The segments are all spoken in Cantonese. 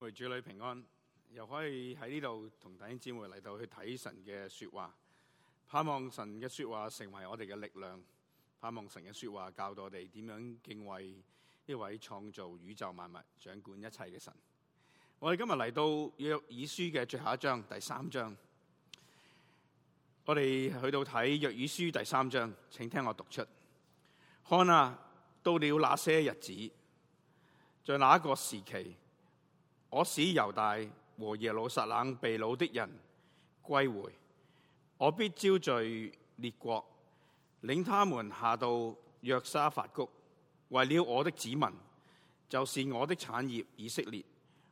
為主，女平安又可以喺呢度同弟兄姐妹嚟到去睇神嘅說話，盼望神嘅說話成為我哋嘅力量，盼望神嘅說話教導我哋點樣敬畏呢位創造宇宙萬物、掌管一切嘅神。我哋今日嚟到約珥書嘅最後一章第三章，我哋去到睇約珥書第三章，請聽我讀出。看啊，到了那些日子，在那一個時期？我使猶大和耶路撒冷被擄的人歸回，我必招聚列國，領他們下到約沙法谷，為了我的子民，就是我的產業以色列，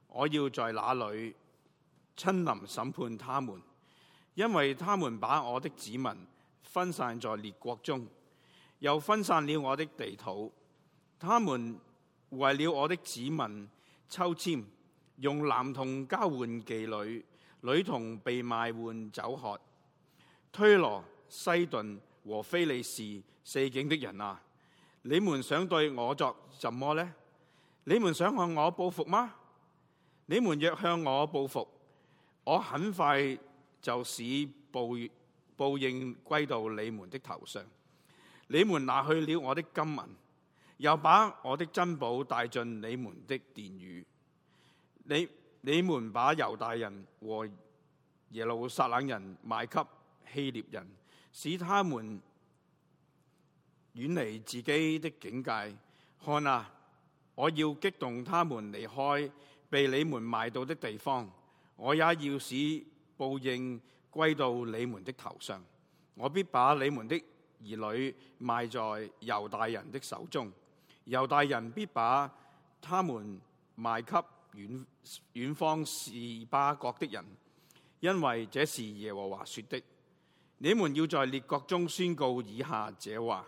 我要在那裏親臨審判他們，因為他們把我的子民分散在列國中，又分散了我的地土，他們為了我的子民抽籤。用男童交換妓女，女童被賣換酒喝。推羅、西頓和菲利士四境的人啊，你們想對我作什麼呢？你們想向我報復嗎？你們若向我報復，我很快就使報報應歸到你們的頭上。你們拿去了我的金銀，又把我的珍寶帶進你們的殿宇。你你們把猶大人和耶路撒冷人賣給希臘人，使他們遠離自己的境界。看啊，我要激動他們離開被你們賣到的地方。我也要使報應歸到你們的頭上。我必把你們的兒女賣在猶大人的手中，猶大人必把他們賣給。遠遠方示巴國的人，因為這是耶和華說的：你們要在列國中宣告以下這話，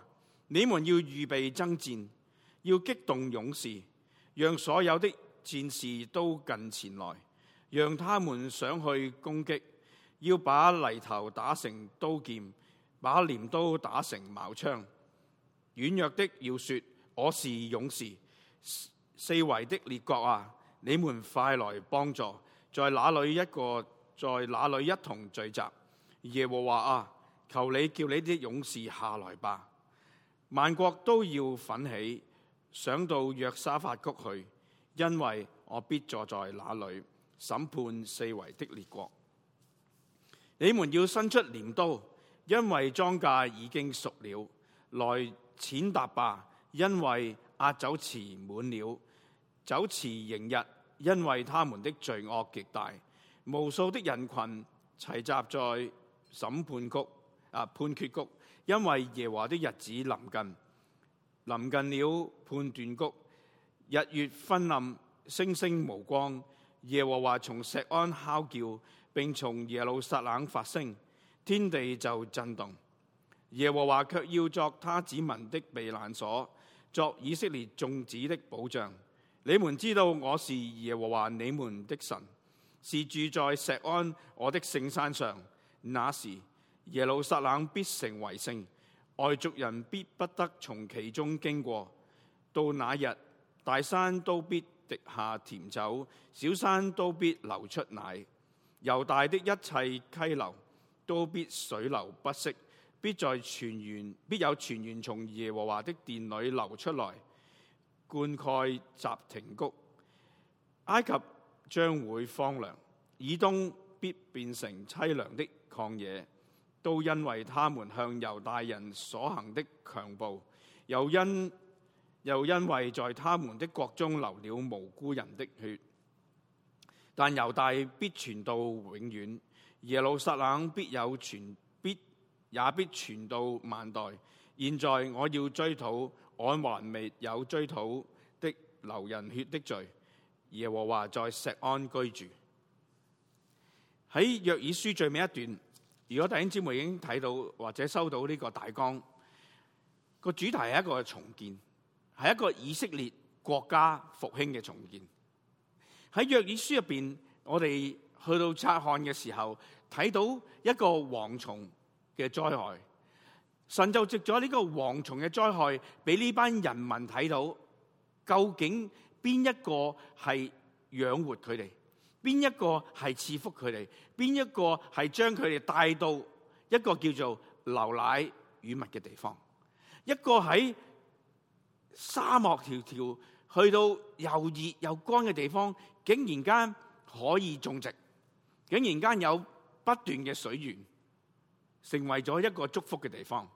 你們要預備爭戰，要激動勇士，讓所有的戰士都近前來，讓他們上去攻擊，要把犁頭打成刀劍，把鐮刀打成矛槍。軟弱的要說：我是勇士。四圍的列國啊！你們快來幫助，在哪裏一個，在哪裏一同聚集？耶和華啊，求你叫你啲勇士下來吧。萬國都要奮起，想到約沙法谷去，因為我必坐在那裏審判四圍的列國。你們要伸出鐮刀，因為莊稼已經熟了。來踐踏吧，因為壓酒池滿了，酒池盈溢。因為他們的罪惡極大，無數的人群齊集在審判谷，啊判決谷。因為耶和華的日子臨近，臨近了判斷谷。日月昏暗，星星無光。耶和華從錫安敲叫，並從耶路撒冷發聲，天地就震動。耶和華卻要作他子民的避難所，作以色列眾子的保障。你們知道我是耶和華你們的神，是住在錫安我的聖山上。那時耶路撒冷必成為聖，外族人必不得從其中經過。到那日，大山都必滴下甜酒，小山都必流出奶。猶大的一切溪流都必水流不息，必在泉源必有泉源從耶和華的殿裏流出來。灌溉什亭谷，埃及將會荒涼，以東必變成淒涼的曠野，都因為他們向猶大人所行的強暴，又因又因為在他們的國中流了無辜人的血。但猶大必傳到永遠，耶路撒冷必有傳，必也必傳到萬代。現在我要追討。我還未有追討的流人血的罪，耶和華在石安居住。喺約珥書最尾一段，如果弟兄姊妹已經睇到或者收到呢個大綱，個主題係一個重建，係一個以色列國家復興嘅重建。喺約珥書入邊，我哋去到察看嘅時候，睇到一個蝗蟲嘅災害。神就藉咗呢個蝗蟲嘅災害俾呢班人民睇到，究竟邊一個係養活佢哋，邊一個係賜福佢哋，邊一個係將佢哋帶到一個叫做流奶與蜜嘅地方，一個喺沙漠迢迢去到又熱又乾嘅地方，竟然間可以種植，竟然間有不斷嘅水源，成為咗一個祝福嘅地方。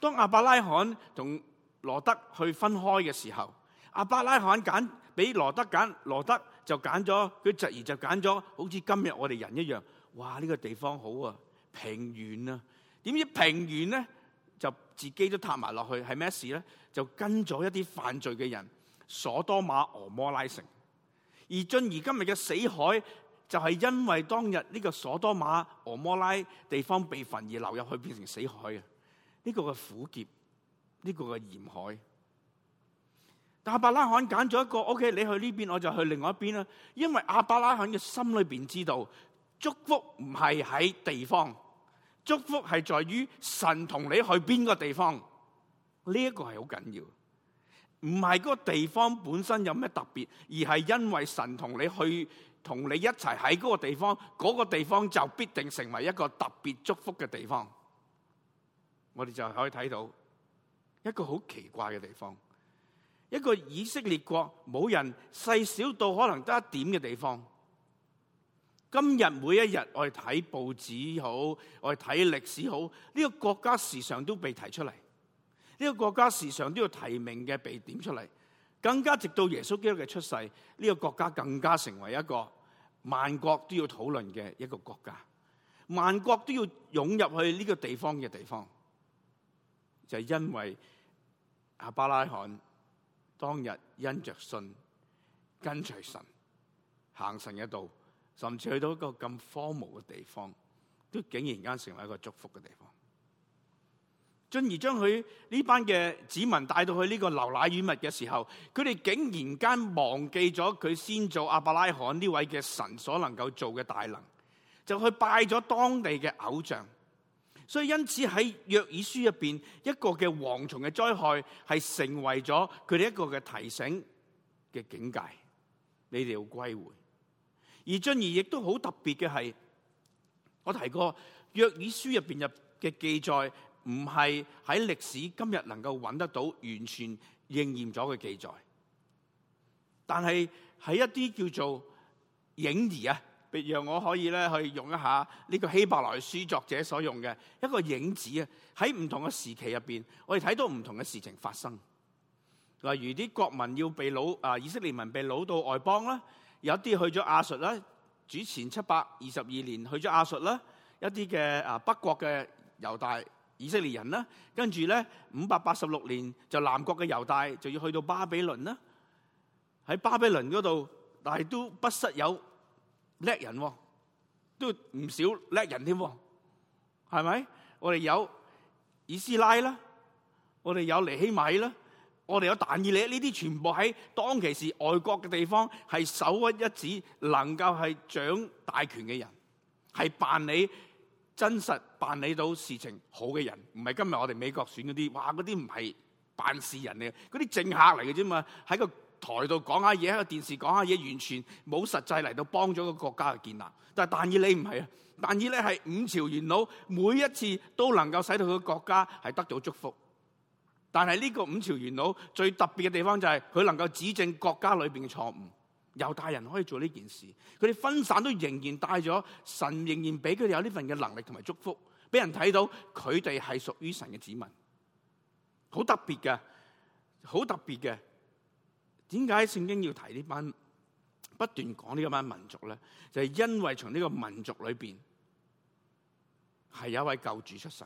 當亞伯拉罕同羅得去分開嘅時候，亞伯拉罕揀，俾羅得揀，羅得就揀咗佢侄兒就揀咗，好似今日我哋人一樣。哇！呢個地方好啊，平原啊。點知平原咧就自己都塌埋落去，係咩事咧？就跟咗一啲犯罪嘅人，所多瑪蛾摩拉城。而進而今日嘅死海，就係因為當日呢個所多瑪蛾摩拉地方被焚而流入去變成死海啊！呢個嘅苦澀，呢個嘅鹽海，但亞伯拉罕揀咗一個，OK，你去呢邊，我就去另外一邊啦。因為亞伯拉罕嘅心裏邊知道，祝福唔係喺地方，祝福係在於神同你去邊個地方，呢一個係好緊要，唔係嗰個地方本身有咩特別，而係因為神同你去，同你一齊喺嗰個地方，嗰個地方就必定成為一個特別祝福嘅地方。我哋就可以睇到一個好奇怪嘅地方，一個以色列國冇人細小，小到可能得一點嘅地方。今日每一日，我哋睇報紙好，我哋睇歷史好，呢個國家時常都被提出嚟，呢個國家時常都要提名嘅被點出嚟。更加直到耶穌基督嘅出世，呢個國家更加成為一個萬國都要討論嘅一個國家，萬國都要湧入去呢個地方嘅地方。就是，因為亞伯拉罕當日因着信跟隨神行神嘅道，甚至去到一個咁荒蕪嘅地方，都竟然間成為一個祝福嘅地方。進而將佢呢班嘅子民帶到去呢個流奶與蜜嘅時候，佢哋竟然間忘記咗佢先做亞伯拉罕呢位嘅神所能夠做嘅大能，就去拜咗當地嘅偶像。所以因此喺約珥書入邊一個嘅蝗蟲嘅災害係成為咗佢哋一個嘅提醒嘅警戒。你哋要歸回。而進而亦都好特別嘅係，我提過約珥書入邊入嘅記載唔係喺歷史今日能夠揾得到完全應驗咗嘅記載，但係喺一啲叫做影兒啊。譬如我可以咧去用一下呢個希伯來書作者所用嘅一個影子啊！喺唔同嘅時期入邊，我哋睇到唔同嘅事情發生。例如啲國民要被擄啊，以色列民被擄到外邦啦，有啲去咗亞述啦，主前七百二十二年去咗亞述啦，一啲嘅啊北國嘅猶大以色列人啦，跟住咧五百八十六年就南國嘅猶大就要去到巴比倫啦。喺巴比倫嗰度，但係都不失有叻人喎，都唔少叻人添，係咪？我哋有以斯拉啦，我哋有尼希米啦，我哋有但以理，呢啲全部喺當其時外國嘅地方係首屈一指，能夠係掌大權嘅人，係辦理真實辦理到事情好嘅人，唔係今日我哋美國選嗰啲，哇，嗰啲唔係辦事人嚟，嗰啲政客嚟嘅啫嘛，喺個。台度講下嘢，喺個電視講下嘢，完全冇實際嚟到幫咗個國家嘅建立。但係但以理唔係啊，但以理係五朝元老，每一次都能夠使到佢個國家係得到祝福。但係呢個五朝元老最特別嘅地方就係、是、佢能夠指正國家裏邊嘅錯誤。猶大人可以做呢件事，佢哋分散都仍然帶咗神，仍然俾佢哋有呢份嘅能力同埋祝福，俾人睇到佢哋係屬於神嘅子民。好特別嘅，好特別嘅。點解聖經要提呢班不斷講呢班民族咧？就係、是、因為從呢個民族裏邊係有一位救主出世。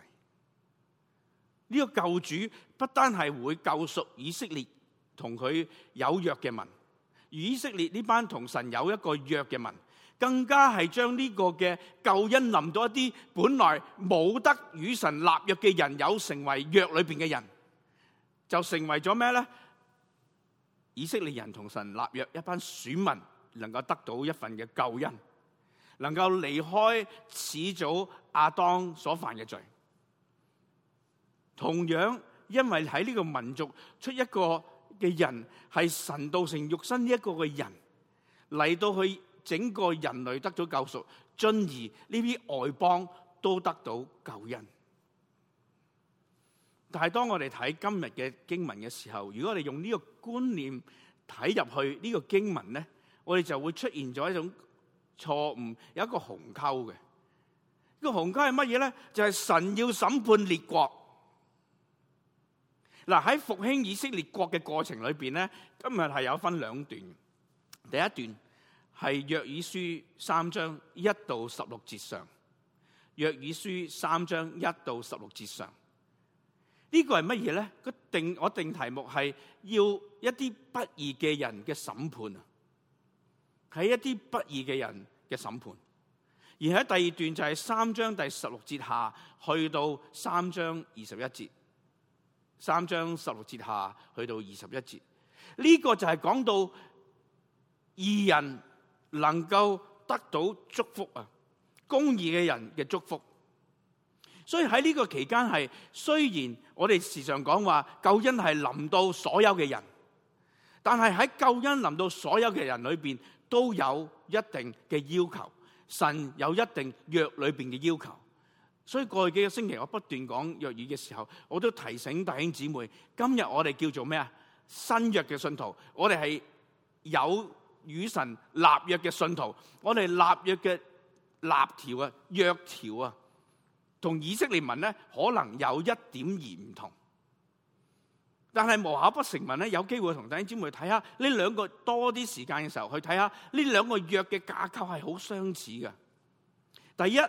呢、這個救主不單係會救贖以色列同佢有約嘅民，以色列呢班同神有一個約嘅民，更加係將呢個嘅救恩臨到一啲本來冇得與神立約嘅人，有成為約裏邊嘅人，就成為咗咩咧？以色列人同神立約，一班選民能夠得到一份嘅救恩，能夠離開始祖亞當所犯嘅罪。同樣，因為喺呢個民族出一個嘅人係神道成肉身呢一個嘅人嚟，到去整個人類得咗救贖，進而呢啲外邦都得到救恩。但係當我哋睇今日嘅經文嘅時候，如果我哋用呢個。觀念睇入去呢個經文呢，我哋就會出現咗一種錯誤，有一個鴻溝嘅。呢、這個鴻溝係乜嘢呢？就係、是、神要審判列國。嗱，喺復興以色列國嘅過程裏邊呢，今日係有分兩段。第一段係約珥書三章一到十六節上，約珥書三章一到十六節上。這個、是什麼呢個係乜嘢咧？個定我定題目係要一啲不義嘅人嘅審判啊，係一啲不義嘅人嘅審判。而喺第二段就係三章第十六節下去到三章二十一節，三章十六節下去到二十一節。呢、這個就係講到義人能夠得到祝福啊，公義嘅人嘅祝福。所以喺呢個期間係，雖然我哋時常講話救恩係臨到所有嘅人，但係喺救恩臨到所有嘅人裏邊都有一定嘅要求，神有一定約裏邊嘅要求。所以過去幾個星期我不斷講約珥嘅時候，我都提醒弟兄姊妹，今日我哋叫做咩啊？新約嘅信徒，我哋係有與神立約嘅信徒我們，我哋立約嘅立條啊，約條啊。同以色列民呢可能有一點而唔同，但係無巧不成文呢，有機會同弟兄姊妹去睇下呢兩個多啲時間嘅時候去睇下呢兩個約嘅架構係好相似嘅。第一，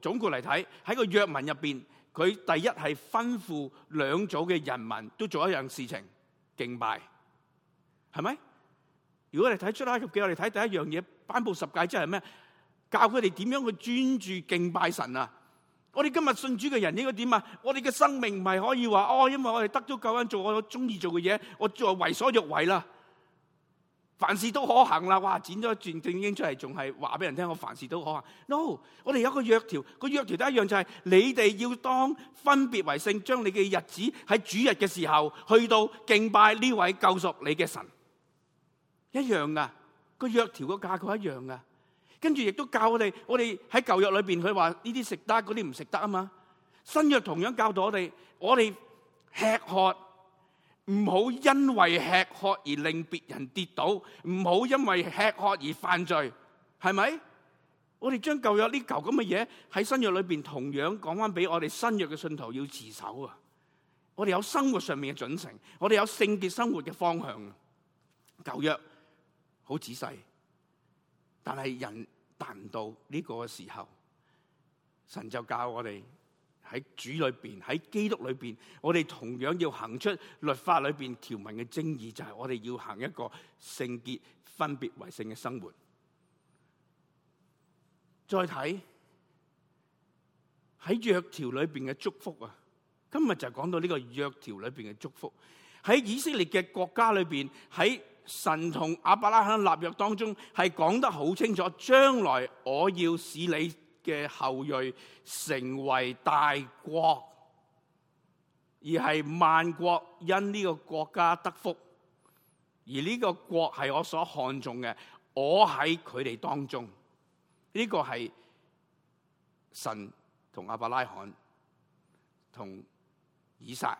總括嚟睇喺個約文入邊，佢第一係吩咐兩組嘅人民都做一樣事情，敬拜，係咪？如果你睇出埃及記，我哋睇第一樣嘢，頒布十誡即係咩？教佢哋點樣去專注敬拜神啊！我哋今日信主嘅人應該點啊？我哋嘅生命唔係可以話哦，因為我哋得咗救恩，做我中意做嘅嘢，我作為所欲為啦，凡事都可行啦！哇，剪咗段聖經出嚟，仲係話俾人聽我凡事都可行。no，我哋有個約條，個約條都一樣，就係、是、你哋要當分別為聖，將你嘅日子喺主日嘅時候去到敬拜呢位救贖你嘅神，一樣噶、啊，個約條個架構一樣噶、啊。跟住亦都教我哋，我哋喺舊約裏邊佢話呢啲食得，嗰啲唔食得啊嘛。新約同樣教到我哋，我哋吃喝唔好因為吃喝而令別人跌倒，唔好因為吃喝而犯罪，係咪？我哋將舊約呢嚿咁嘅嘢喺新約裏邊同樣講翻俾我哋新約嘅信徒要持守啊！我哋有生活上面嘅準繩，我哋有聖潔生活嘅方向。舊約好仔細，但係人。達到呢個時候，神就教我哋喺主裏邊、喺基督裏邊，我哋同樣要行出律法裏邊條文嘅正義，就係我哋要行一個聖潔、分別為聖嘅生活。再睇喺約條裏邊嘅祝福啊，今日就講到呢個約條裏邊嘅祝福，喺以色列嘅國家裏邊，喺。神同阿伯拉罕立約當中係講得好清楚，將來我要使你嘅後裔成為大國，而係萬國因呢個國家得福，而呢個國係我所看重嘅，我喺佢哋當中，呢個係神同阿伯拉罕、同以撒、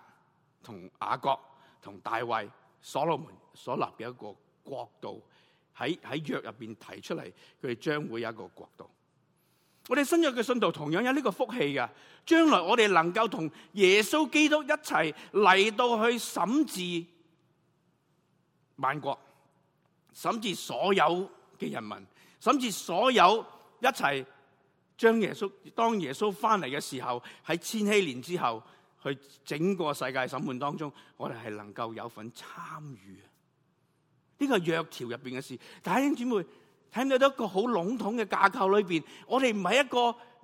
同雅各、同大衛。所羅門所立嘅一個國度喺喺約入邊提出嚟，佢哋將會有一個國度。我哋新約嘅信徒同樣有呢個福氣嘅，將來我哋能夠同耶穌基督一齊嚟到去審判萬國，審判所有嘅人民，審判所有一齊將耶穌當耶穌翻嚟嘅時候，喺千禧年之後，去整個世界審判當中，我哋係能夠有份參與啊！呢、呢個約條入邊嘅事，但係弟兄姊妹睇到一個好籠統嘅架構裏邊，我哋唔係一個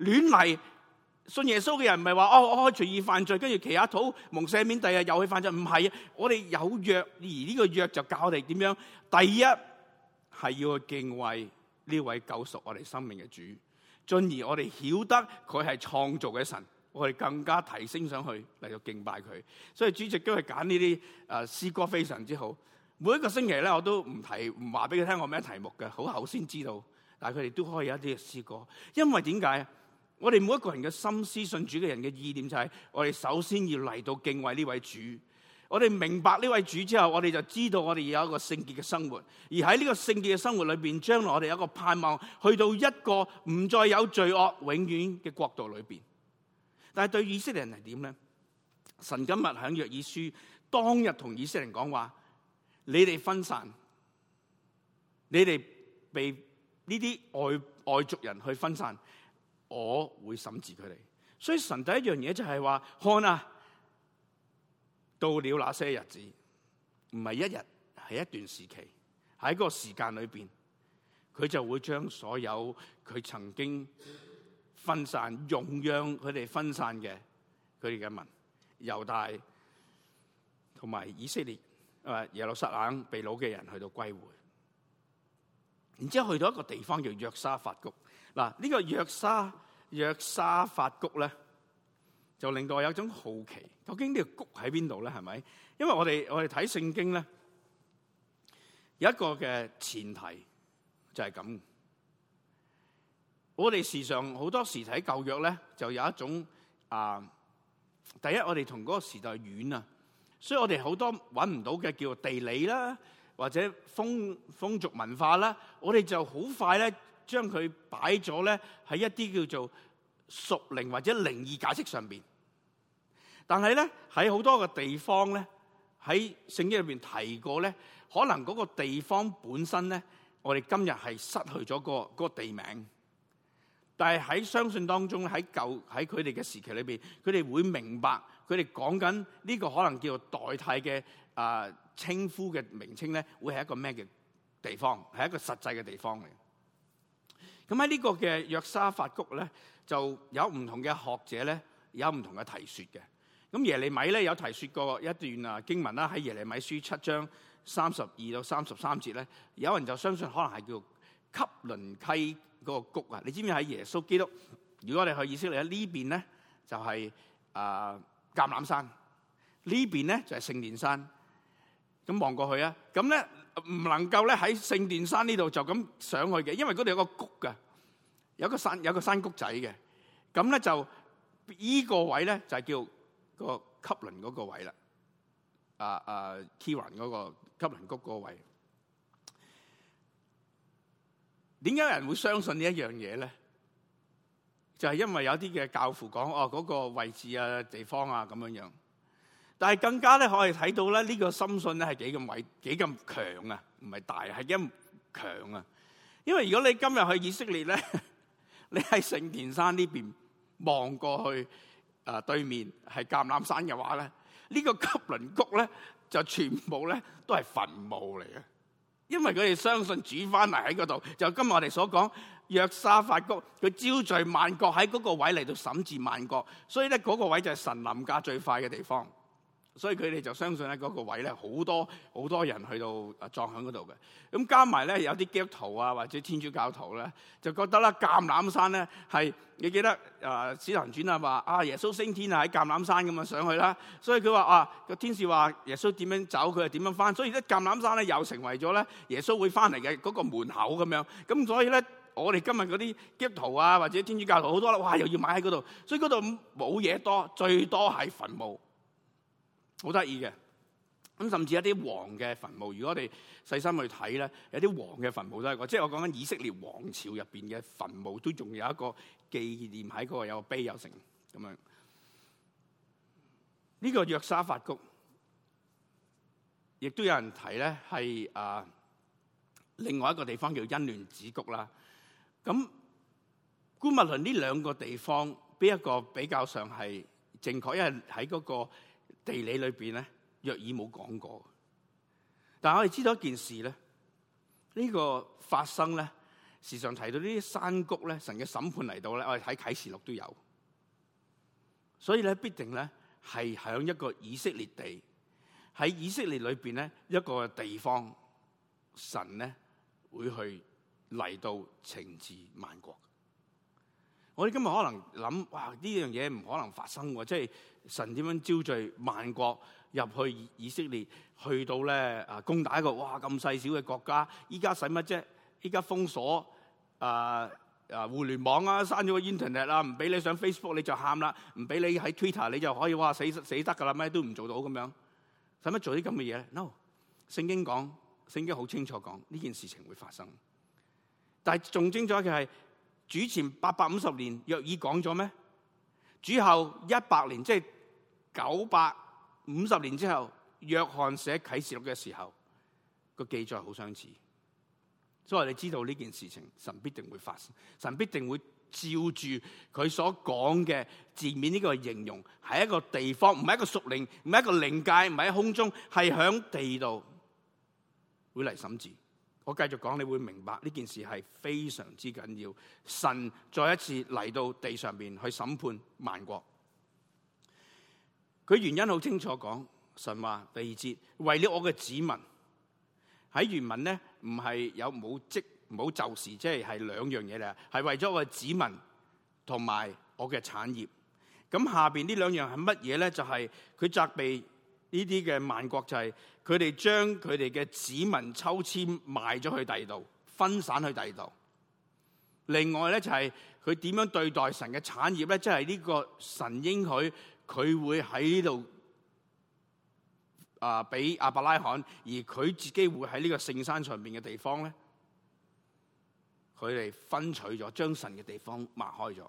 亂嚟信耶穌嘅人，唔係話哦，我可以隨意犯罪，跟住企喺度蒙赦免，第日又去犯罪。唔係，我哋有約，而呢個約就教我哋點樣。第一係要去敬畏呢位救贖我哋生命嘅主，進而我哋曉得佢係創造嘅神。我哋更加提升上去嚟到敬拜佢，所以主席都係揀呢啲啊詩歌非常之好。每一個星期咧，我都唔提，唔話俾佢聽我咩題目嘅，好後先知道。但係佢哋都可以有一啲嘅詩歌。因為點解啊？我哋每一個人嘅心思，信主嘅人嘅意念就係我哋首先要嚟到敬畏呢位主。我哋明白呢位主之後，我哋就知道我哋有一個聖潔嘅生活。而喺呢個聖潔嘅生活裏邊，將來我哋有一個盼望去到一個唔再有罪惡、永遠嘅國度裏邊。但係對以色列人係點咧？神今日響約珥書當日同以色列人講話：你哋分散，你哋被呢啲外外族人去分散，我會審判佢哋。所以神第一樣嘢就係話：看啊，到了那些日子，唔係一日，係一段時期，喺個時間裏邊，佢就會將所有佢曾經。分散、容讓佢哋分散嘅佢哋嘅民，猶大同埋以色列啊，耶路撒冷被擄嘅人去到歸回，然之後去到一個地方叫約沙法谷。嗱，呢個約沙約沙法谷咧，就令到我有種好奇，究竟呢個谷喺邊度咧？係咪？因為我哋我哋睇聖經咧，有一個嘅前提就係咁。我哋時常好多時睇舊約咧，就有一種啊，第一我哋同嗰個時代遠啊，所以我哋好多揾唔到嘅叫地理啦，或者風風俗文化啦，我哋就好快咧將佢擺咗咧喺一啲叫做屬靈或者靈異解釋上邊。但係咧喺好多嘅地方咧喺聖經入邊提過咧，可能嗰個地方本身咧，我哋今日係失去咗嗰個、嗰個地名。但係喺相信當中，喺舊喺佢哋嘅時期裏邊，佢哋會明白佢哋講緊呢個可能叫做代替嘅啊、呃、稱呼嘅名稱咧，會係一個咩嘅地方？係一個實際嘅地方嚟。咁喺呢個嘅約沙法谷咧，就有唔同嘅學者咧，有唔同嘅提説嘅。咁耶利米咧有提説過一段啊經文啦，喺耶利米書七章三十二到三十三節咧，有人就相信可能係叫汲淪溪。嗰個谷啊！你知唔知喺耶穌基督？如果你去以色列，呢邊咧就係啊橄欖山，呢邊咧就係聖殿山。咁望過去啊，咁咧唔能夠咧喺聖殿山呢度就咁上去嘅，因為嗰度有個谷嘅，有個山有個山谷仔嘅。咁咧就依個位咧就係叫個汲淪嗰個位啦。啊啊，Kiran 嗰個汲淪谷嗰個位。點解有人會相信這件事呢一樣嘢咧？就係、是、因為有啲嘅教父講哦，嗰、那個位置啊、地方啊咁樣樣。但係更加咧，可以睇到咧，呢、這個深信咧係幾咁偉、幾咁強啊，唔係大係幾咁強啊。因為如果你今日去以色列咧，你喺聖殿山呢邊望過去啊、呃，對面係橄欖山嘅話咧，這個、林呢個汲淪谷咧就全部咧都係墳墓嚟嘅。因為佢哋相信主返嚟喺嗰度，就是、今日我哋所講約沙法谷，佢招聚萬國，喺嗰位嚟到審治萬國，所以咧個位置就是神臨駕最快嘅地方。所以佢哋就相信咧，嗰個位咧好多好多人去到啊葬喺嗰度嘅。咁加埋咧有啲基督徒啊，或者天主教徒咧，就覺得啦，橄欖山咧係你記得、呃、史傳說啊《使徒行傳》啊話啊耶穌升天啊喺橄欖山咁啊上去啦。所以佢話啊個天使話耶穌點樣走，佢係點樣翻。所以咧橄欖山咧又成為咗咧耶穌會翻嚟嘅嗰個門口咁樣。咁所以咧我哋今日嗰啲基督徒啊或者天主教徒好多啦，哇又要買喺嗰度。所以嗰度冇嘢多，最多係墳墓。好得意嘅，咁甚至一啲王嘅墳墓，如果我哋細心去睇咧，有啲王嘅墳墓都係個，即係我講緊以色列王朝入邊嘅墳墓，都仲有一個紀念喺嗰、那個有個碑有成咁樣。呢、這個約沙法谷，亦都有人睇咧，係啊，另外一個地方叫恩聯子谷啦。咁，古物倫呢兩個地方，邊一個比較上係正確？因為喺嗰、那個。地理裏邊咧，約珥冇講過，但係我哋知道一件事咧，呢、這個發生咧，時常提到呢啲山谷咧，神嘅審判嚟到咧，我哋睇啟示錄都有，所以咧必定咧係響一個以色列地，喺以色列裏邊咧一個地方，神咧會去嚟到懲治萬國。我哋今日可能諗哇呢樣嘢唔可能發生喎，即係神點樣招聚萬國入去以色列，去到咧攻打一個哇咁細小嘅國家，依家使乜啫？依家封鎖啊啊、呃、互聯網啊，閂咗個 internet 啦，唔俾你上 Facebook 你就喊啦，唔俾你喺 Twitter 你就可以哇死死得噶啦咩都唔做到咁樣，使乜做啲咁嘅嘢？No，聖經講聖經好清楚講呢件事情會發生，但係仲精彩嘅係。主前八百五十年，約珥講咗咩？主後一百年，即係九百五十年之後，約翰寫啟示錄嘅時候，個記載好相似。所以你知道呢件事情，神必定會發生，神必定會照住佢所講嘅字面呢個形容，係一個地方，唔係一個屬靈，唔係一個靈界，唔係喺空中，係響地度會嚟審判。我繼續講，你會明白呢件事係非常之緊要。神再一次嚟到地上面去審判萬國，佢原因好清楚講。神話，第二節，為了我嘅子民，喺原文咧，唔係有冇即冇就事，即係係兩樣嘢嚟，係為咗我嘅子民同埋我嘅產業。咁下邊呢兩樣係乜嘢咧？就係佢責備。呢啲嘅萬國就係佢哋將佢哋嘅子民抽籤賣咗去第二度，分散去第二度。另外咧就係佢點樣對待神嘅產業咧，即係呢個神應許佢會喺呢度啊，俾亞伯拉罕，而佢自己會喺呢個聖山上面嘅地方咧，佢哋分取咗，將神嘅地方擘開咗，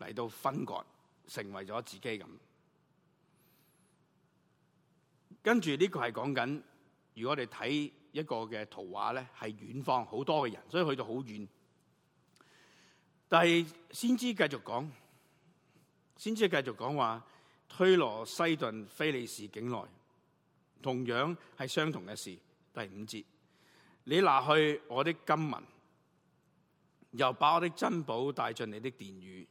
嚟到分割，成為咗自己咁。跟住呢個係講緊，如果我哋睇一個嘅圖畫咧，係遠方好多嘅人,所以去到好遠。但係先知繼續講，先知繼續講，話推羅、西頓、非利士境內，同樣係相同嘅事。第五節，你拿去我的金銀，又把我的珍寶帶進你的殿宇，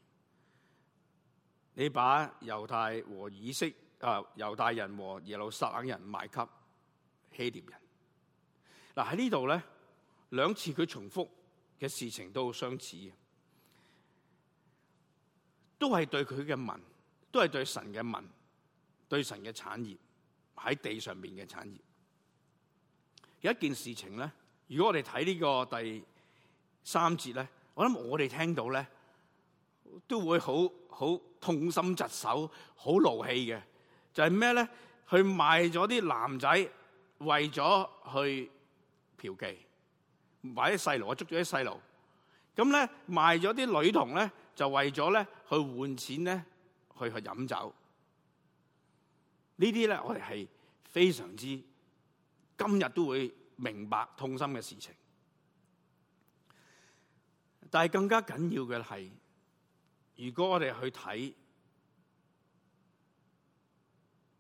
你把猶太和以色啊！猶大人和耶路撒冷人賣給希臘人。嗱、啊、喺呢度咧，兩次佢重複嘅事情都好相似嘅，都係對佢嘅民，都係對神嘅民，對神嘅產業喺地上面嘅產業。有一件事情咧，如果我哋睇呢個第三節咧，我諗我哋聽到咧，都會好好痛心疾首、好勞氣嘅。就係咩咧？去賣咗啲男仔，為咗去嫖妓，買啲細路，我捉咗啲細路。咁咧賣咗啲女童咧，就為咗咧去換錢咧，去去飲酒。呢啲咧我哋係非常之今日都會明白痛心嘅事情。但係更加緊要嘅係，如果我哋去睇。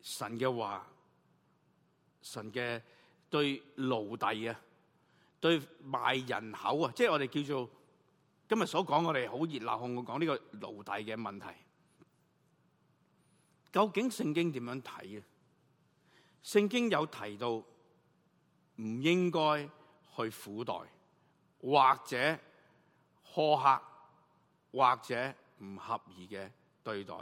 神嘅話，神嘅對奴隸啊，對賣人口啊，即係我哋叫做今日所講，我哋好熱鬧，我講呢個奴隸嘅問題，究竟聖經點樣睇嘅？聖經有提到唔應該去苦待，或者苛刻，或者唔合宜嘅對待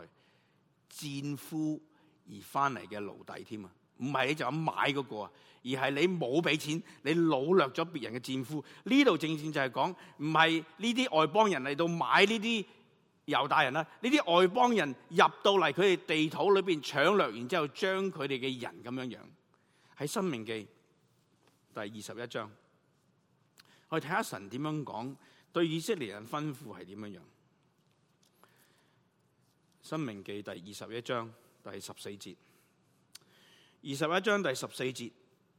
戰俘。而翻嚟嘅奴隸添啊，唔係你就咁買嗰個啊，而係你冇俾錢，你擄掠咗別人嘅戰俘。呢度正正就係講唔係呢啲外邦人嚟到買呢啲猶大人啦，呢啲外邦人入到嚟佢哋地土裏邊搶掠，然之後將佢哋嘅人咁樣樣。喺《申命記》第二十一章，我哋睇下神點樣講對以色列人吩咐係點樣樣。《申命記》第二十一章。第十四節，二十一章第十四節。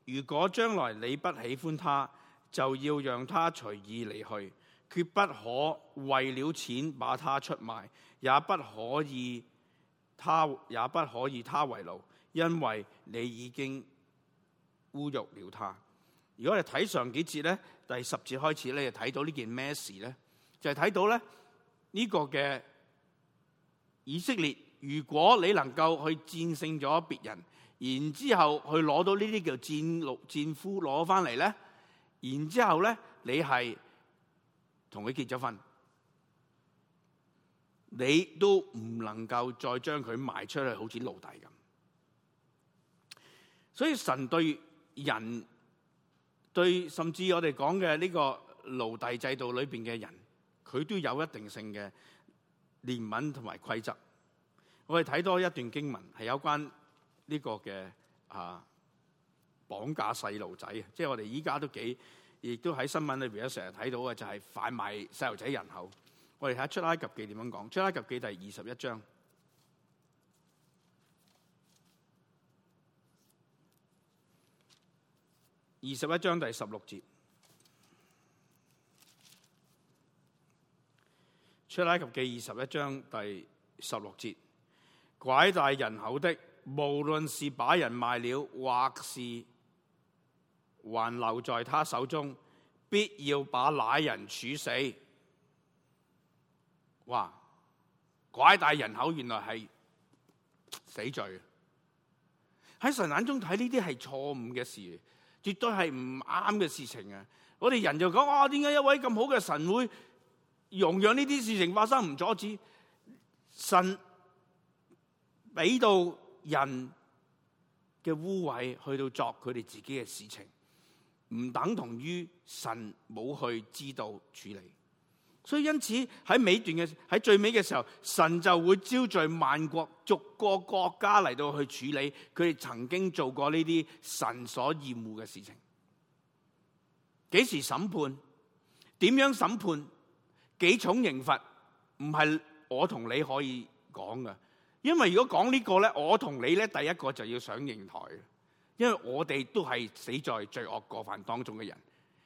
如果將來你不喜歡他，就要讓他隨意離去，決不可為了錢把他出賣，也不可以他也不可以他為奴，因為你已經侮辱了他。如果你睇上幾節呢，第十節開始呢，就睇到呢件咩事呢？就係、是、睇到咧呢、呢個嘅以色列。如果你能夠去戰勝咗別人，然之後去攞到呢啲叫戰、戰俘攞翻嚟咧，然之後咧你係同佢結咗婚，你都唔能夠再將佢賣出去，好似奴隸咁。所以神對人，對甚至我哋講嘅呢個奴隸制度裏邊嘅人，佢都有一定性嘅憐憫同埋規則。我哋睇多一段經文，係有關呢個嘅啊，綁架細路仔啊！即係我哋依家都幾，亦都喺新聞裏邊成日睇到嘅，就係販賣細路仔人口。我哋睇下出埃及記點樣講？出埃及記第二十一章，二十一章第十六節。出埃及記二十一章第十六節。拐帶人口的，無論是把人賣了，或是還留在他手中，必要把那人處死。哇！拐帶人口原來係死罪，喺神眼中睇呢啲係錯誤嘅事，絕對係唔啱嘅事情啊！我哋人就講啊，點解一位咁好嘅神會容忍呢啲事情發生，唔阻止神？俾到人嘅污穢，去到作佢哋自己嘅事情，唔等同於神冇去知道處理。所以因此喺尾段嘅喺最尾嘅時候，神就會招聚萬國、逐個國家嚟到去處理佢哋曾經做過呢啲神所厭惡嘅事情。幾時審判？點樣審判？幾重刑罰？唔係我同你可以講嘅。因為如果講呢個呢，我同你呢第一個就要上刑台。因為我哋都係死在罪惡過犯當中嘅人。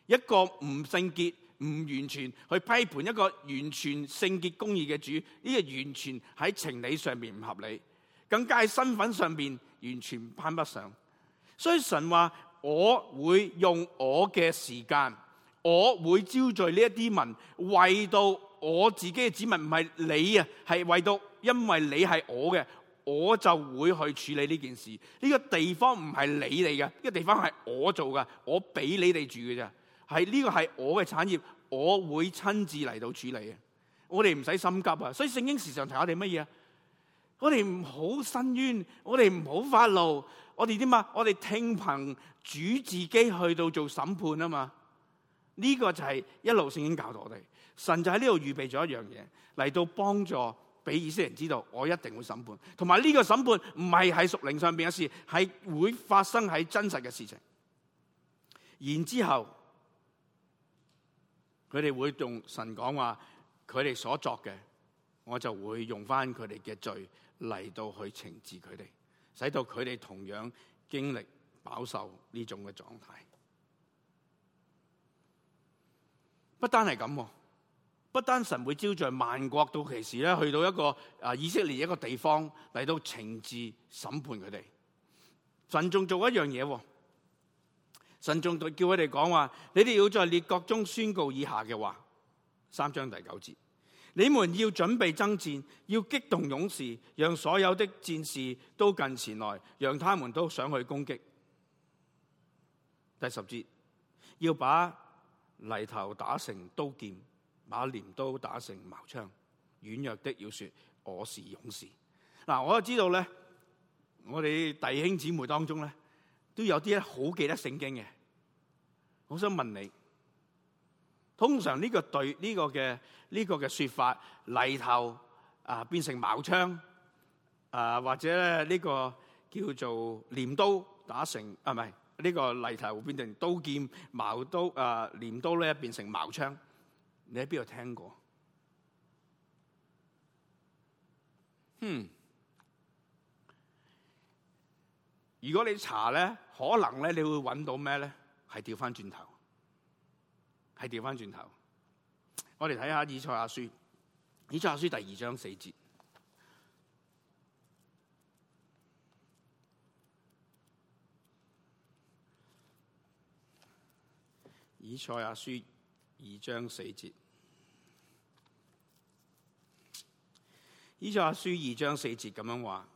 一個唔聖潔，唔完全去批判一個完全聖潔公義嘅主，呢個完全喺情理上面唔合理，更加係身份上面完全攀不上。所以神話，我會用我嘅時間，我會招聚呢一啲民，為到。我自己嘅子民唔係你啊，係唯獨因為你係我嘅，我就會去處理呢件事。呢個地方唔係你哋嘅，呢個地方係我做噶我俾你哋住嘅啫。係，呢個係我嘅產業，我會親自嚟到處理啊。我哋唔使心急啊。所以聖經時常提我哋乜嘢啊？我哋唔好申冤，我哋唔好發怒，我哋點啊？我哋聽憑主自己去到做審判啊嘛。呢個就係一路聖經教導我哋。神就喺呢度預備咗一樣嘢，嚟到幫助，俾以色列人知道，我一定會審判，同埋呢個審判唔係喺屬靈上邊嘅事，係會發生喺真實嘅事情。然之後佢哋會用神講話，佢哋所作嘅，我就會用翻佢哋嘅罪嚟到去懲治佢哋，使到佢哋同樣經歷飽受呢種嘅狀態。不單係咁。不單神會招聚萬國，到其時咧，去到一個啊以色列一個地方嚟到懲治審判佢哋。神眾做一樣嘢，哦，神眾叫佢哋講話，你哋要在列國中宣告以下嘅話。三章第九節，你們要準備爭戰，要激動勇士，讓所有的戰士都近前來，讓他們都想去攻擊。第十節，要把犁頭打成刀劍。把鐮刀打成矛槍，軟弱的要說我是勇士。嗱、啊，我就知道咧，我哋弟兄姊妹當中咧，都有啲咧好記得聖經嘅。我想問你，通常呢個對呢、呢個嘅呢、呢個嘅說法，犁頭啊、呃、變成矛槍，啊、呃、或者咧呢、呢個叫做鐮刀打成係呢、啊呢個犁頭變成刀劍、矛刀啊，鐮、呃、刀咧變成矛槍。你喺邊度聽過？嗯，如果你查咧，可能咧你會揾到咩咧？係調返轉頭，係調返轉頭。我哋睇下以賽亞書，以賽亞書第二章四節，以賽亞書。二章四節，以賽亞書二章四節咁樣話，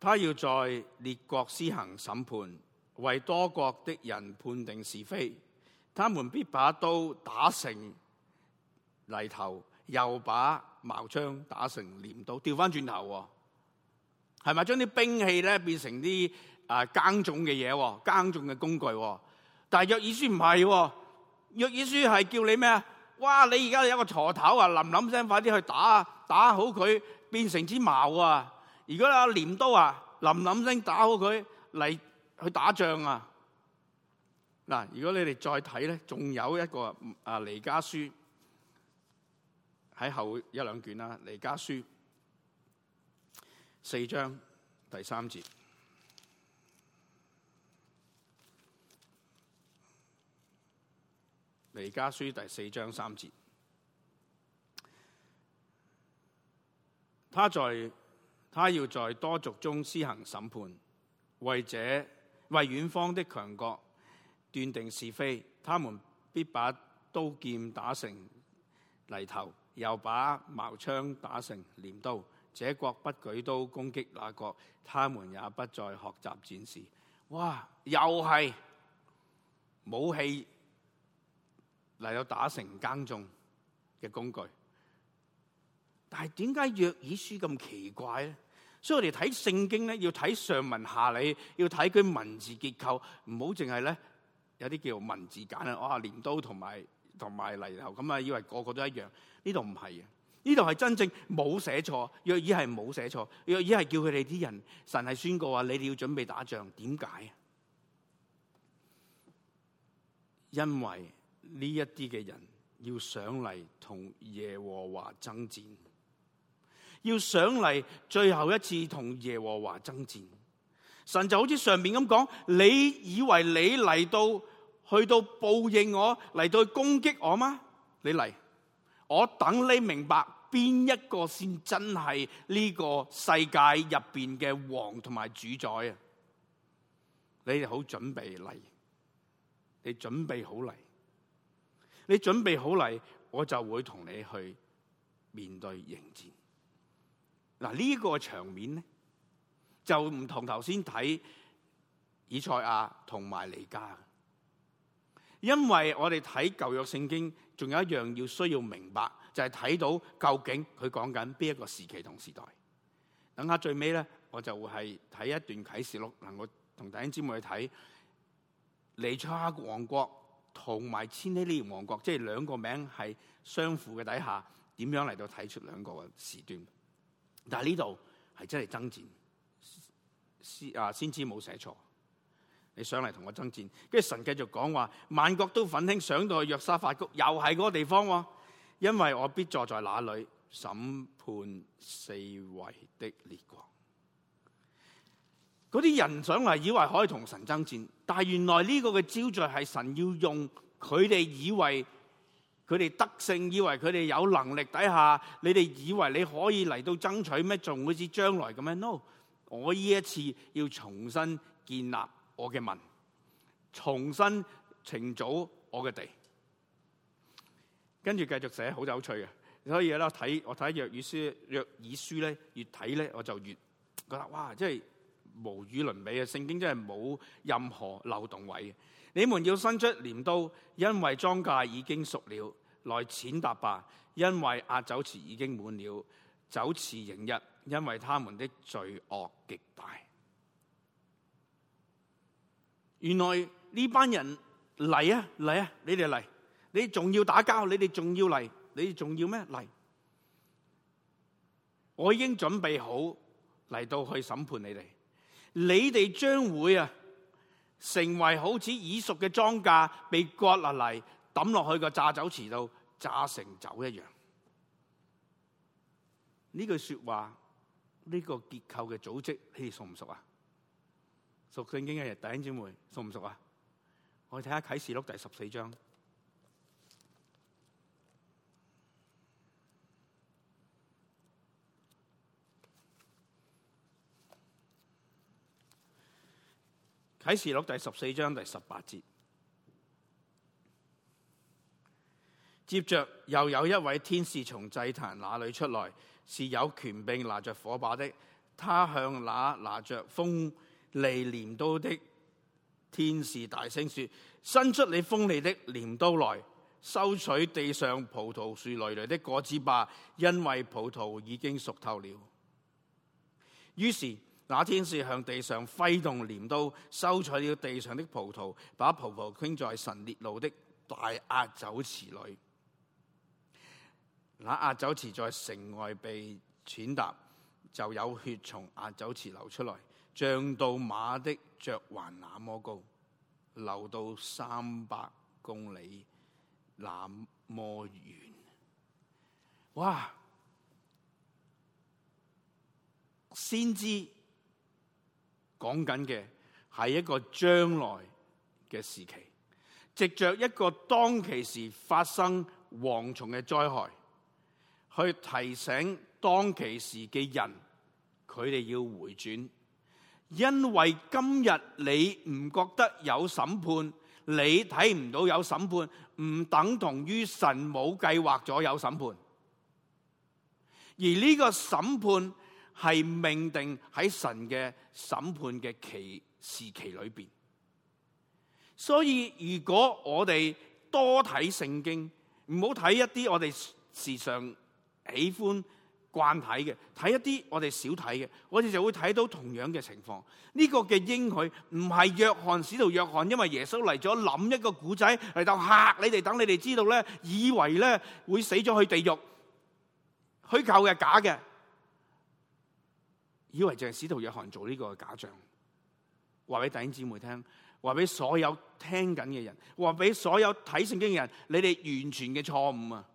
他要在列國施行審判，為多國的人判定是非。他們必把刀打成犁頭，又把矛槍打成鐮刀。掉翻轉頭，係咪將啲兵器咧變成啲啊耕種嘅嘢，耕種嘅工具？大約意思唔係。約珥書係叫你咩啊？哇！你而家有一個鋤頭啊，林林聲快啲去打啊，打好佢變成支矛啊！如果有鐮刀啊，林林聲打好佢嚟去打仗啊！嗱，如果你哋再睇呢，仲有一個啊彌迦書喺後一兩卷啦，彌迦書四章第三節。彌迦書第四章三節，他在他要在多族中施行審判，為者為遠方的強國斷定是非。他們必把刀劍打成犁頭，又把矛槍打成鐮刀。這國不舉刀攻擊那國，他們也不再學習戰事。哇！又係武器。嚟到打成耕種嘅工具，但係點解約珥書咁奇怪咧？所以我哋睇聖經咧，要睇上文下理，要睇佢文字結構，唔好淨係咧有啲叫文字簡啊！哇，鐮刀同埋同埋犁頭咁啊，以為個個都一樣？呢度唔係啊，呢度係真正冇寫錯，約珥係冇寫錯，約珥係叫佢哋啲人，神係宣告話，你哋要準備打仗，點解啊？因為。呢一啲嘅人要上嚟同耶和華爭戰，要上嚟最後一次同耶和華爭戰。神就好似上面咁講，你以為你嚟到去到報應我、嚟到攻擊我嗎？你嚟，我等你明白邊一個先真係呢個世界入邊嘅王同埋主宰啊！你哋好準備嚟，你準備好嚟。你準備好嚟，我就會同你去面對迎戰。嗱，呢個場面咧就唔同頭先睇以賽亞同埋彌迦。因為我哋睇舊約聖經，仲有一樣要需要明白，就係睇到究竟佢講緊邊一個時期同時代。等下最尾咧，我就會係睇一段啟示錄，能夠同弟兄姐妹去睇彌賽亞王國。同埋千禧年王國，即係兩個名係相符嘅底下，點樣嚟到睇出兩個嘅時段？但係呢度係真係爭戰，先啊先知冇寫錯，你上嚟同我爭戰。跟住神繼續講話，萬國都憤興上到去約沙法谷，又係嗰個地方，哦，因為我必坐在那裏審判四圍的列國。嗰啲人上嚟以為可以同神爭戰。但係原來呢個嘅招聚係神要用佢哋以為佢哋得勝，以為佢哋有能力底下，你哋以為你可以嚟到爭取咩？仲好似將來咁樣？No，我呢一次要重新建立我嘅民，重新成組我嘅地，跟住繼續寫好有趣嘅。所以咧睇我睇約珥書，約珥書咧，越睇咧我就越覺得哇，即係。無與倫比啊！聖經真係冇任何漏洞位。你們要伸出鐮刀，因為莊稼已經熟了，來踐踏吧！因為壓酒池已經滿了，酒池盈溢，因為他們的罪惡極大。原來呢班人嚟呀，嚟呀、啊啊，你哋嚟，你仲要打交？你哋仲要嚟？你哋仲要咩？嚟！我已經準備好嚟到去審判你哋。你哋將會啊，成為好似已熟嘅莊稼，被割落嚟抌落去個榨酒池度榨成酒一樣。呢句說話，呢個結構嘅組織，你哋熟唔熟啊？熟聖經嘅人，弟兄姊妹熟唔熟啊？我哋睇下啟示錄第十四章。啟示錄第十四章第十八節，接着又有一位天使從祭壇那裏出來，是有權柄拿着火把的。他向那拿着鋒利鐮刀的天使大聲說：伸出你鋒利的鐮刀來，收取地上葡萄樹累累的果子吧，因為葡萄已經熟透了。於是。那天使向地上揮動鐮刀，收取了地上的葡萄，把葡萄傾在神烈怒的大壓酒池裏。那壓酒池在城外被踐踏，就有血從壓酒池流出來，漲到馬的腳踝那麼高，流到三百公里那麼遠。哇！先知。講緊嘅係一個將來嘅時期，藉着一個當其時發生蝗蟲嘅災害，去提醒當其時嘅人，佢哋要回轉。因為今日你唔覺得有審判，你睇唔到有審判，唔等同於神冇計劃咗有審判。而呢個審判。係命定喺神嘅審判嘅期時期裏邊，所以如果我哋多睇聖經，唔好睇一啲我哋時常喜歡慣睇嘅，睇一啲我哋少睇嘅，我哋就會睇到同樣嘅情況。呢個嘅應許唔係約翰使徒約翰，因為耶穌嚟咗諗一個古仔嚟到吓你哋，等你哋知道咧，以為咧會死咗去地獄，虛構嘅係假嘅。以為就係使徒約翰做呢個假象，話俾弟兄姊妹聽，話俾所有聽緊嘅人，話俾所有睇聖經嘅人，你哋完全嘅錯誤啊！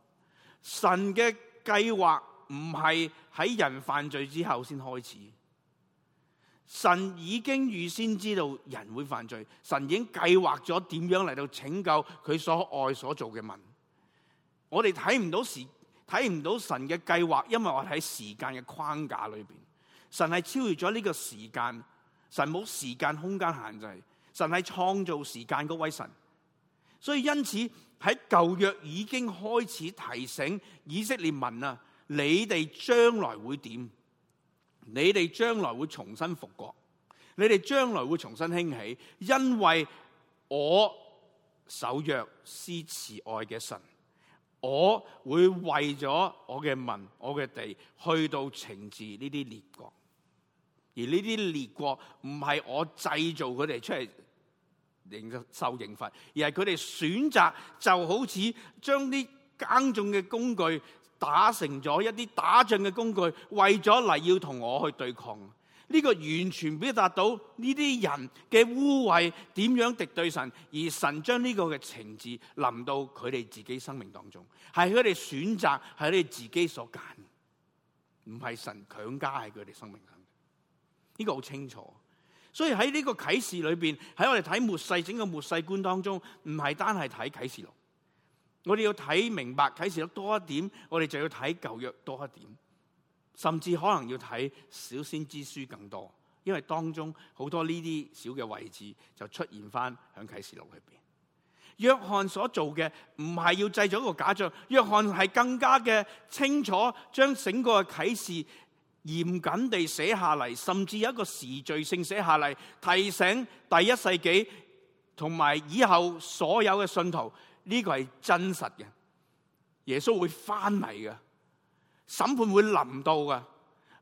神嘅計劃唔係喺人犯罪之後先開始，神已經預先知道人會犯罪，神已經計劃咗點樣嚟到拯救佢所愛所做嘅民。我哋睇唔到時睇唔到神嘅計劃，因為我哋喺時間嘅框架裏邊。神係超越咗呢個時間，神冇時間空間限制，神係創造時間嗰位神。所以因此喺舊約已經開始提醒以色列民啊，你哋將來會點？你哋將來會重新復國，你哋將來會重新興起，因為我守約施慈愛嘅神，我會為咗我嘅民、我嘅地去到懲治呢啲列國。而呢啲列國唔係我製造佢哋出嚟應受刑罰，而係佢哋選擇就好似將啲耕種嘅工具打成咗一啲打仗嘅工具，為咗嚟要同我去對抗。呢、呢個完全表達到呢啲人嘅污穢點樣敵對神，而神將呢個嘅情治臨到佢哋自己生命當中，係佢哋選擇，係佢哋自己所揀，唔係神強加喺佢哋生命。呢個好清楚，所以喺呢個啟示裏邊，喺我哋睇末世整個末世觀當中，唔係單係睇啟示錄，我哋要睇明白啟示錄多一點，我哋就要睇舊約多一點，甚至可能要睇小先知書更多，因為當中好多呢啲小嘅位置就出現翻喺啟示錄裏邊。約翰所做嘅唔係要製造一個假象，約翰係更加嘅清楚將整個嘅啟示。嚴謹地寫下嚟，甚至有一個時序性寫下嚟，提醒第一世紀同埋以後所有嘅信徒，呢個係真實嘅。耶穌會翻嚟嘅，審判會臨到嘅，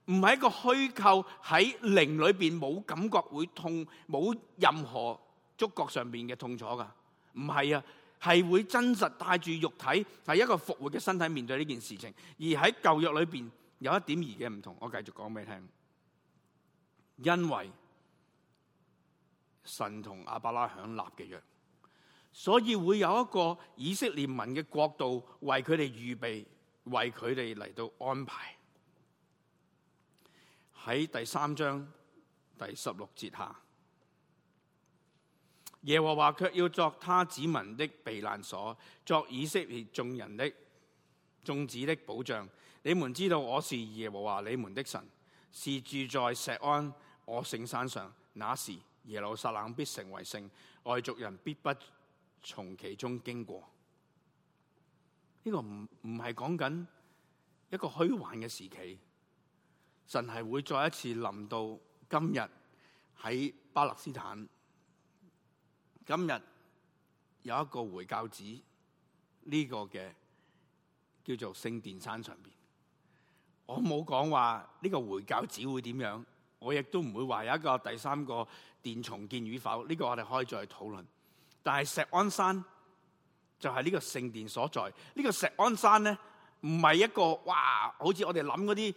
唔係一個虛構喺靈裏邊冇感覺會痛，冇任何觸覺上面嘅痛楚噶，唔係啊，係會真實帶住肉體係一個復活嘅身體面對呢件事情，而喺舊約裏邊。有一點而嘅唔同，我繼續講俾你聽。因為神同亞伯拉罕立嘅約，所以會有一個以色列民嘅國度為佢哋預備，為佢哋嚟到安排。喺第三章第十六節下，耶和華卻要作他子民的避難所，作以色列眾人的眾子的保障。你們知道我是耶和華你們的神，是住在錫安我聖山上。那時耶路撒冷必成為聖，外族人必不從其中經過。呢個唔唔係講緊一個虛幻嘅時期，神係會再一次臨到今日喺巴勒斯坦。今日有一個回教寺呢個嘅叫做聖殿山上邊。我冇講話呢個回教寺會點樣，我亦都唔會話有一個第三個殿重建與否，呢個我哋可以再討論。但係錫安山就係呢個聖殿所在，呢個錫安山咧唔係一個哇，好似我哋諗嗰啲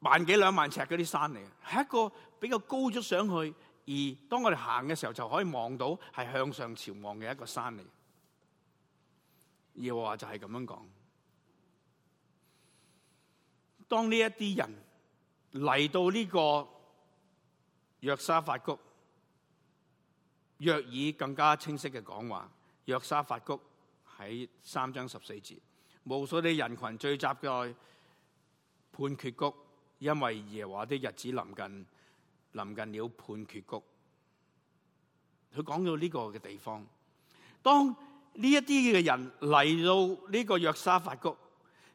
萬幾兩萬尺嗰啲山嚟，係一個比較高咗上去，而當我哋行嘅時候就可以望到係向上朝望嘅一個山嚟。耶和華就係咁樣講。當呢一啲人嚟到呢個約沙法谷，約珥更加清晰嘅講話。約沙法谷喺三章十四節，無數啲人群聚集在判決谷，因為耶和華的日子臨近，臨近了判決谷。佢講到呢個嘅地方，當呢一啲嘅人嚟到呢個約沙法谷，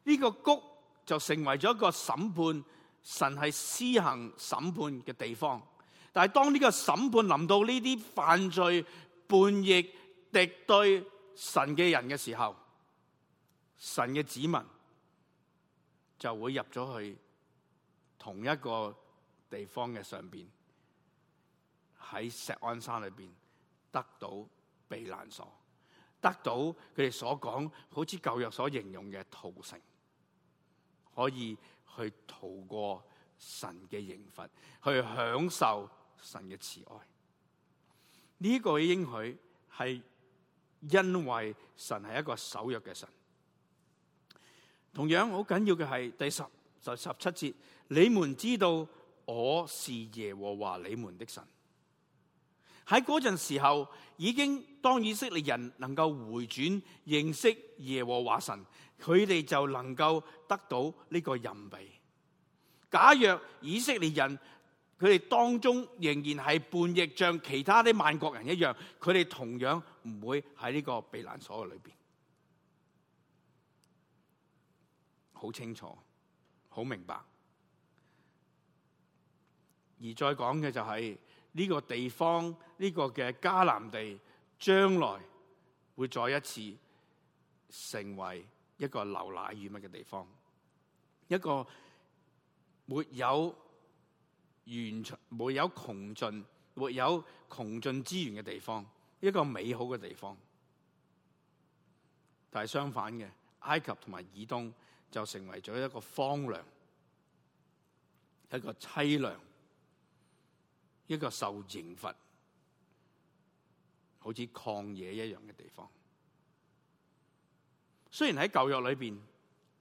呢、這個谷。就成為咗一個審判，神係施行審判嘅地方，但係當呢個審判臨到呢啲犯罪叛逆敵對神嘅人嘅時候，神嘅子民就會入咗去同一個地方嘅上邊，喺錫安山裏邊得到避難所，得到佢哋所講好似舊約所形容嘅逃城。可以去逃過神嘅刑罰，去享受神嘅慈愛。呢個應許係因為神係一個守約嘅神。同樣好緊要嘅係第十就十七節，你們知道我是耶和華你們的神。喺嗰陣時候，已經當以色列人能夠回轉認識耶和華神。佢哋就能夠得到呢個蔭庇。假若以色列人佢哋當中仍然係叛逆，像其他啲萬國人一樣，佢哋同樣唔會喺呢個避難所嘅裏邊。好清楚，好明白。而再講嘅就係呢個地方，呢個嘅迦南地將來會再一次成為。一個流奶與蜜嘅地方，一個沒有完全沒有窮盡，沒有窮盡資源嘅地方，一個美好嘅地方。但係相反嘅，埃及同埋以東就成為咗一個荒涼、一個淒涼、一個受刑罰、好似曠野一樣嘅地方。雖然喺舊約裏邊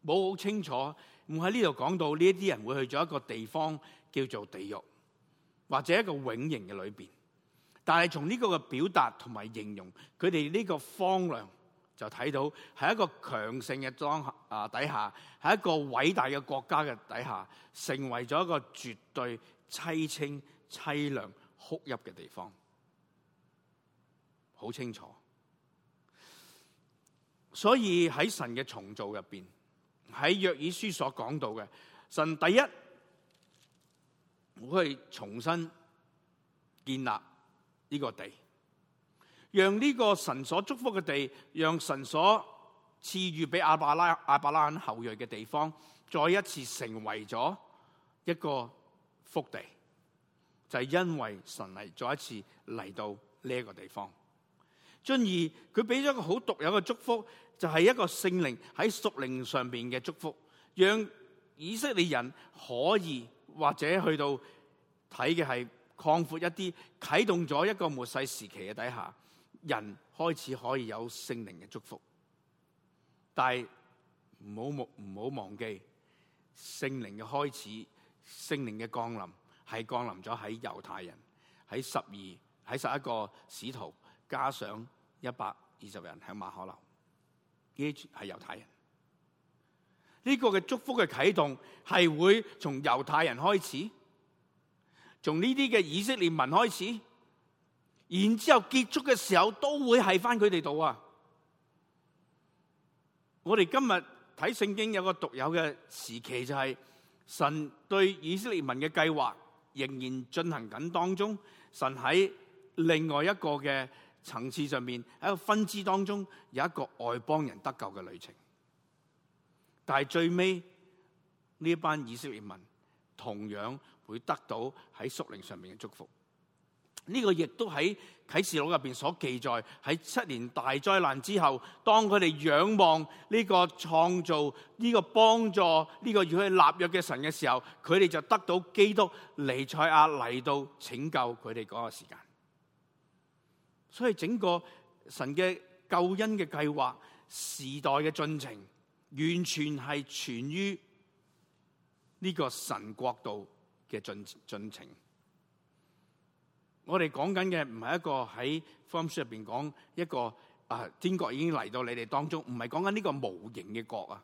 冇好清楚，唔喺呢度講到呢一啲人會去咗一個地方叫做地獄，或者一個永刑嘅裏邊，但係從呢個嘅表達同埋形容，佢哋呢個荒涼就睇到係一個強盛嘅當啊底下，係一個偉大嘅國家嘅底下，成為咗一個絕對淒清、淒涼、哭泣嘅地方，好清楚。所以喺神嘅重造入邊，喺約珥書所講到嘅，神第一，我可以重新建立呢個地，讓呢個神所祝福嘅地，讓神所賜予俾阿伯拉阿伯拉罕後裔嘅地方，再一次成為咗一個福地，就係、是、因為神嚟，再一次嚟到呢一個地方。進而佢俾咗一個好獨有嘅祝福，就係一個聖靈喺屬靈上邊嘅祝福，讓以色列人可以或者去到睇嘅係擴闊一啲，啟動咗一個末世時期嘅底下，人開始可以有聖靈嘅祝福。但係唔好唔好忘記，聖靈嘅開始，聖靈嘅降臨係降臨咗喺猶太人，喺十二，喺十一個使徒。加上一百二十人喺馬可樓，即係猶太人，呢、這個嘅祝福嘅啟動係會從猶太人開始，從呢啲嘅以色列民開始，然之後結束嘅時候都會係翻佢哋度啊！我哋今日睇聖經有個獨有嘅時期，就是，就係神對以色列民嘅計劃仍然進行緊當中，神喺另外一個嘅。層次上面喺個分支當中有一個外邦人得救嘅旅程，但係最尾呢一班以色列民同樣會得到喺屬靈上面嘅祝福。呢個亦都喺啟示錄入邊所記載喺七年大災難之後，當佢哋仰望呢個創造、呢個幫助、呢個與佢立約嘅神嘅時候，佢哋就得到基督彌賽亞嚟到拯救佢哋個時間。所以整個神嘅救恩嘅計劃、時代嘅進程，完全係存於呢個神國度嘅進進程。我哋講緊嘅唔係一個喺福音書入邊講一個啊天國已經嚟到你哋當中，唔係講緊呢個無形嘅國啊，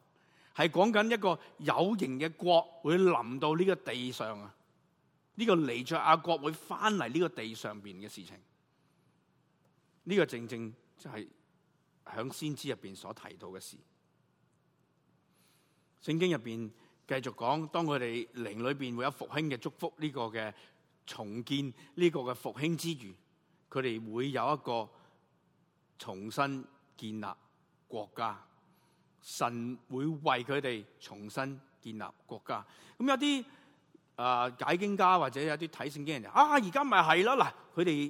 係講緊一個有形嘅國會臨到呢個地上啊，呢、這個離着阿國會翻嚟呢個地上邊嘅事情。呢、個正正就係響先知入邊所提到嘅事，聖經入邊繼續講，當佢哋靈裏邊會有復興嘅祝福，呢、個嘅重建，呢、個嘅復興之餘，佢哋會有一個重新建立國家，神會為佢哋重新建立國家。咁有啲啊解經家或者有啲睇聖經嘅人就啊，而家咪係咯，嗱，佢哋。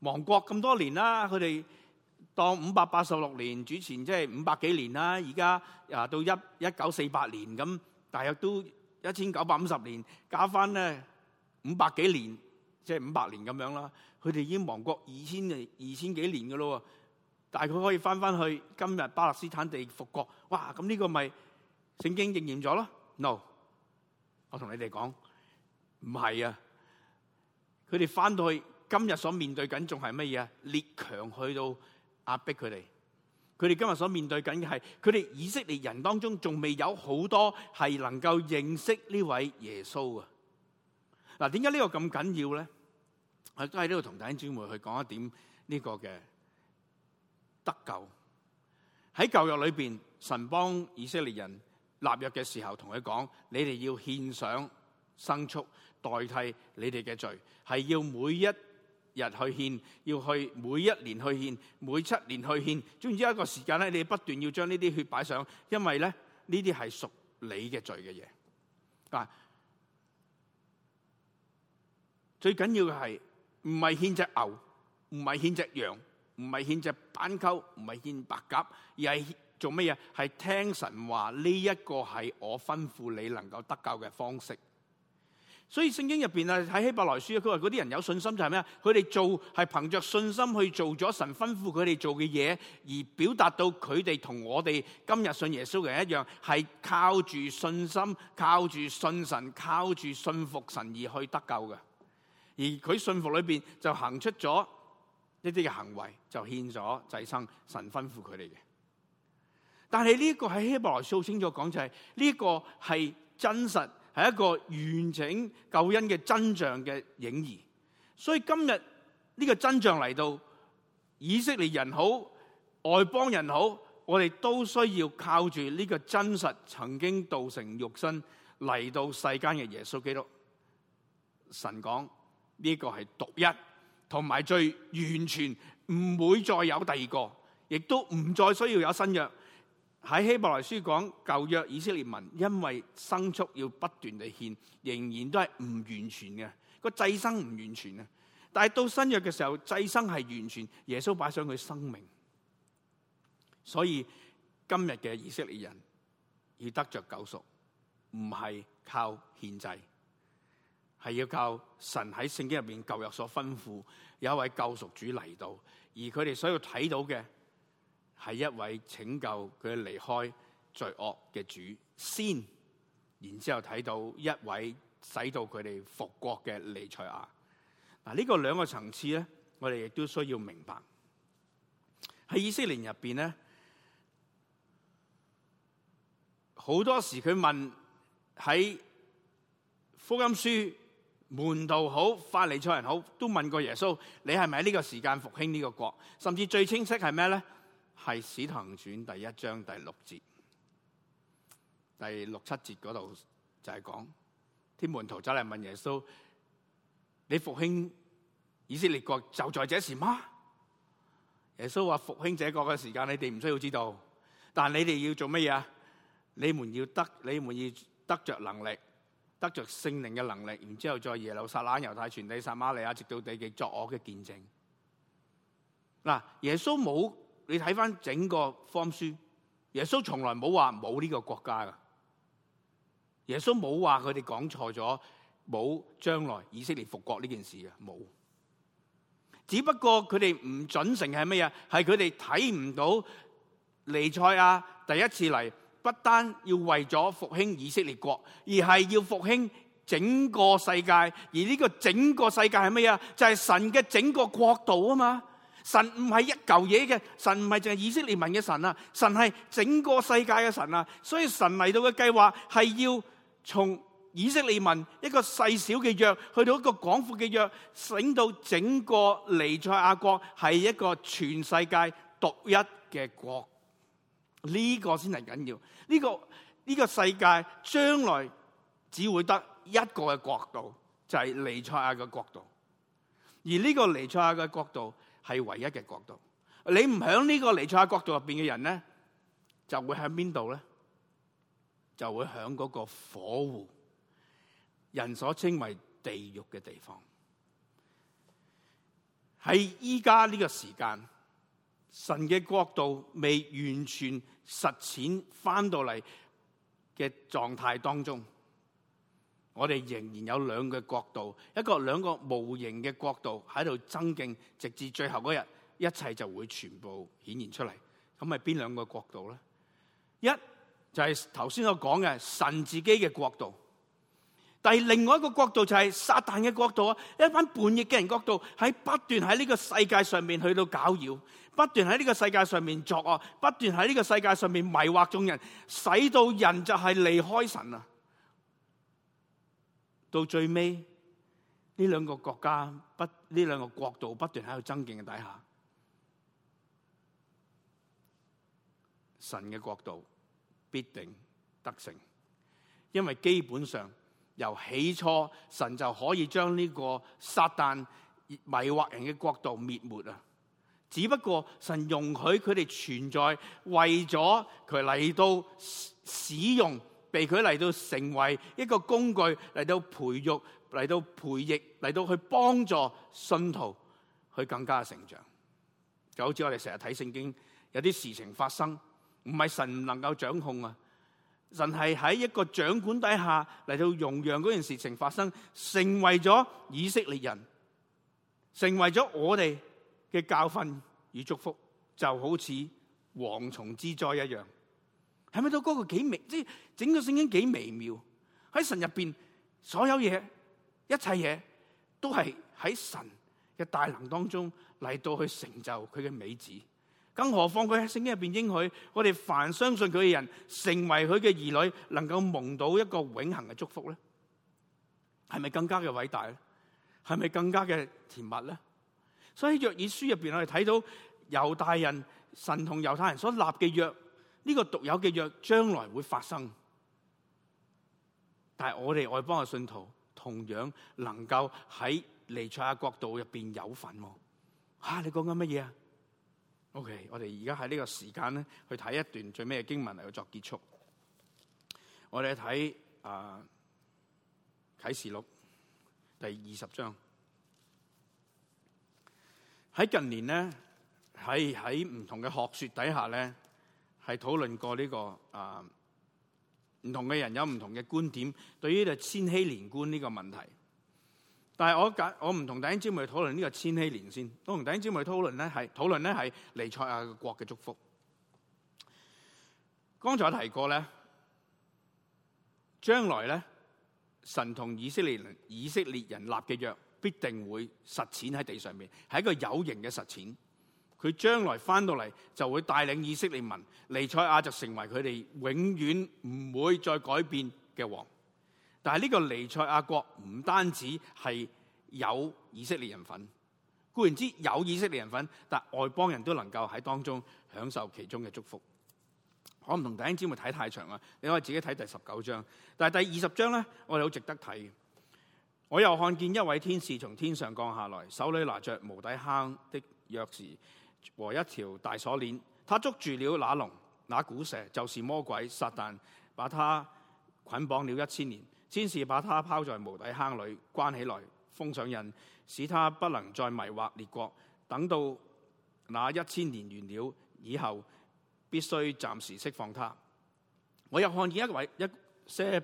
亡國咁多年啦，佢哋當五百八十六年主前，即係五百幾年啦。而家啊到一一九四八年咁，大約都一千九百五十年，加翻咧五百幾年，即係五百年咁樣啦。佢哋已經亡國二千二千幾年噶咯，但係佢可以翻翻去今日巴勒斯坦地復國。哇！咁呢個咪聖經應驗咗咯？No，我同你哋講唔係啊，佢哋翻到去。今日所面對緊仲係乜嘢啊？列強去到壓迫佢哋，佢哋今日所面對緊嘅係佢哋以色列人當中仲未有好多係能夠認識呢位耶穌嘅。嗱，點解呢個咁緊要咧？我都喺呢度同弟兄姊妹去講一點呢個嘅得救。喺舊約裏邊，神幫以色列人立約嘅時候，同佢講：你哋要獻上牲畜代替你哋嘅罪，係要每一日去獻，要去每一年去獻，每七年去獻，總之一個時間咧，你不斷要將呢啲血擺上，因為咧呢啲係屬你嘅罪嘅嘢。啊，最緊要嘅係唔係獻隻牛，唔係獻隻羊，唔係獻隻斑鳩，唔係獻白鴿，而係做乜嘢？係聽神話呢一個係我吩咐你能夠得救嘅方式。所以聖經入邊啊，喺希伯來書佢話嗰啲人有信心就係咩？佢哋做係憑着信心去做咗神吩咐佢哋做嘅嘢，而表達到佢哋同我哋今日信耶穌嘅人一樣，係靠住信心、靠住信神、靠住信服神而去得救嘅。而佢信服裏邊就行出咗一啲嘅行為，就獻咗祭牲，神吩咐佢哋嘅。但係呢個喺希伯來書清楚講就係呢個係真實。係一個完整救恩嘅真相，嘅影兒，所以今日呢個真相嚟到，以色列人好，外邦人好，我哋都需要靠住呢個真實曾經道成肉身嚟到世間嘅耶穌基督。神講呢個係獨一，同埋最完全，唔會再有第二個，亦都唔再需要有新約。喺希伯來書講舊約以色列民因為生畜，要不斷地獻，仍然都係唔完全嘅，個祭牲唔完全啊！但係到新約嘅時候，祭牲係完全，耶穌擺上佢生命。所以今日嘅以色列人要得着救贖，唔係靠獻祭，係要靠神喺聖經入邊舊約所吩咐有一位救贖主嚟到，而佢哋所要睇到嘅。係一位拯救佢離開罪惡嘅主先，然之後睇到一位使到佢哋復國嘅彌賽亞。嗱，呢個兩個層次咧，我哋亦都需要明白。喺以色列入邊咧，好多時佢問，喺福音書門徒好，法利賽人好，都問過耶穌：你係咪喺呢個時間復興呢個國？甚至最清晰係咩咧？係《使徒行傳》第一章第六節、第六七節嗰度就係講，啲門徒走嚟問耶穌：，你復興以色列國就在這時嗎？耶穌話：復興這國嘅時間，你哋唔需要知道，但你哋要做乜嘢？你們要得，你們要得着能力，得着聖靈嘅能力，然之後在耶路撒冷、猶太、全地、撒瑪利亞，直到地極作我嘅見證。嗱，耶穌冇。你睇翻整個方書，耶穌從來冇話，冇呢個國家㗎。耶穌冇話佢哋講錯咗，冇將來以色列復國呢件事呀。冇，只不過佢哋唔準成，係乜嘢？係佢哋睇唔到尼賽亞第一次嚟，不單要為咗復興以色列國，而係要復興整個世界，而呢個整個世界係乜嘢？就係神嘅整個國度吖嘛。神唔係一嚿嘢嘅，神唔係淨係以色列民嘅神啊，神係整個世界嘅神啊，所以神嚟到嘅計劃係要從以色列民一個細小嘅約去到一個廣闊嘅約，使到整個尼賽亞國係一個全世界獨一嘅國，呢個先係緊要。呢個呢個世界將來只會得一個嘅國度，就係尼賽亞嘅國度，而呢個尼賽亞嘅國度。係唯一嘅角度，你唔響呢個彌賽亞角度入邊嘅人咧，就會響邊度咧？就會響嗰個火湖，人所稱為地獄嘅地方。喺依家呢個時間，神嘅角度未完全實踐翻到嚟嘅狀態當中。我哋仍然有兩個角度，一個兩個無形嘅角度喺度爭競，直至最後嗰日，一切就會全部顯現出嚟。咁係邊兩個角度咧？一就係頭先我講嘅神自己嘅角度，第另外一個角度就係撒旦嘅角度啊！一班叛逆嘅人角度，喺不斷喺呢個世界上面去到搞擾，不斷喺呢個世界上面作惡，不斷喺呢個世界上面迷惑眾人，使到人就係離開神啊！到最尾，呢兩個國家，不，呢兩個國度不斷喺度增勁嘅底下，神嘅國度必定得勝，因為基本上由起初神就可以將呢個撒旦迷惑人嘅國度滅沒啊！只不過神容許佢哋存在，為咗佢嚟到使用。被佢嚟到成為一個工具，嚟到培育、嚟到培育、嚟到去幫助信徒去更加成長。就好似我哋成日睇聖經，有啲事情發生，唔係神唔能夠掌控啊！神係喺一個掌管底下嚟到容讓嗰件事情發生，成為咗以色列人，成為咗我哋嘅教訓與祝福，就好似蝗蟲之災一樣。睇唔到嗰個幾微，即係整個聖經幾微妙。喺神入邊，所有嘢，一切嘢都係喺神嘅大能當中嚟到去成就佢嘅美子。更何況佢喺聖經入邊應許，我哋凡相信佢嘅人，成為佢嘅兒女，能夠蒙到一個永恆嘅祝福咧，係咪更加嘅偉大咧？係咪更加嘅甜蜜咧？所以喺約珥書入邊，我哋睇到猶大人神同猶太人所立嘅約。呢、這個獨有嘅約將來會發生，但係我哋外邦嘅信徒同樣能夠喺彌賽亞嘅國度入邊有份。吓、啊，你講緊乜嘢啊？OK，我哋而家喺呢個時間咧，去睇一段最尾嘅經文嚟去作結束。我哋睇啊啟示錄第二十章。喺近年咧，喺喺唔同嘅學說底下咧。係討論過呢、這個啊唔、呃、同嘅人有唔同嘅觀點，對於就千禧年觀呢個問題。但係我解我唔同大英姐妹討論呢個千禧年先，我同大英姐妹討論咧係討論咧係彌賽亞國嘅祝福。剛才我提過咧，將來咧神同以色列以色列人立嘅約必定會實踐喺地上面，係一個有形嘅實踐。佢將來翻到嚟就會帶領以色列民，尼賽亞就成為佢哋永遠唔會再改變嘅王。但係呢個尼賽亞國唔單止係有以色列人份，固然之有以色列人份，但外邦人都能夠喺當中享受其中嘅祝福。我唔同弟兄姊妹睇太長啦，你可以自己睇第十九章。但係第二十章呢，我哋好值得睇。我又看見一位天使從天上降下來，手裏拿着無底坑的鑰匙。和一條大鎖鏈，他捉住了那龍，那古蛇就是魔鬼撒但，把他捆綁了一千年。先是把他拋在無底坑裏關起來，封上印，使他不能再迷惑列國。等到那一千年完了以後，必須暫時釋放他。我又看見一位一些，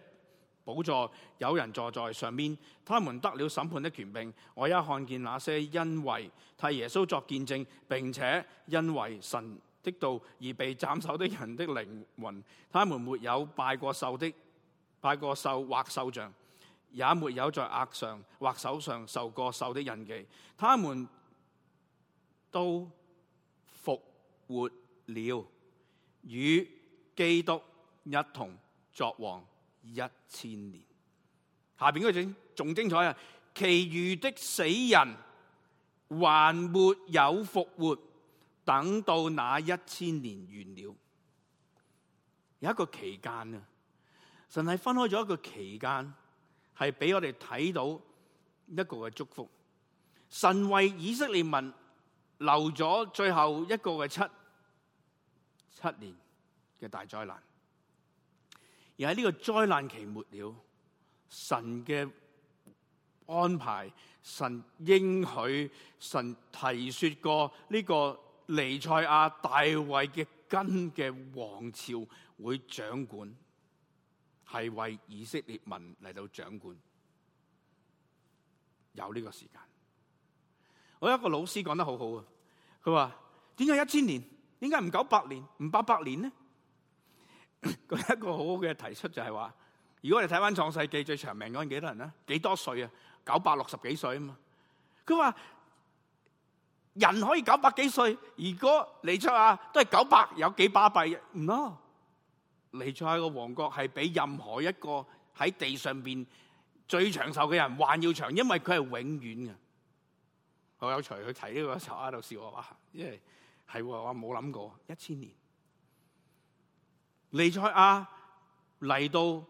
寶座有人坐在上面，他們得了審判的權柄。我一看見那些因為替耶穌作見證，並且因為神的道而被斬首的人的靈魂，他們沒有拜過獸的、拜過獸或獸像，也沒有在額上或手上受過獸的印記，他們都復活了，與基督一同作王。一千年，下邊嗰段仲精彩啊！其餘的死人還沒有復活，等到那一千年完了，有一個期間啊，神係分開咗一個期間，係俾我哋睇到一個嘅祝福。神為以色列民留咗最後一個嘅七七年嘅大災難。而喺呢個災難期末了，神嘅安排，神應許，神提說過呢個彌賽亞大衛嘅根嘅王朝會掌管，係為以色列民嚟到掌管。有呢個時間，我有一個老師講得好好啊！佢話：點解一千年？點解唔九百年？唔八百年呢？佢一個好好嘅提出就係話，如果你睇翻《創世紀》最長命嗰陣幾多人咧？幾多歲啊？九百六十幾歲啊嘛！佢話人可以九百幾歲，如果尼采啊都係九百，有幾巴閉？唔咯？尼采個王國係比任何一個喺地上邊最長壽嘅人還要長，因為佢係永遠嘅。好有才去睇呢個時候，喺度笑啊哇！因為係我冇諗過一千年。彌賽亞嚟到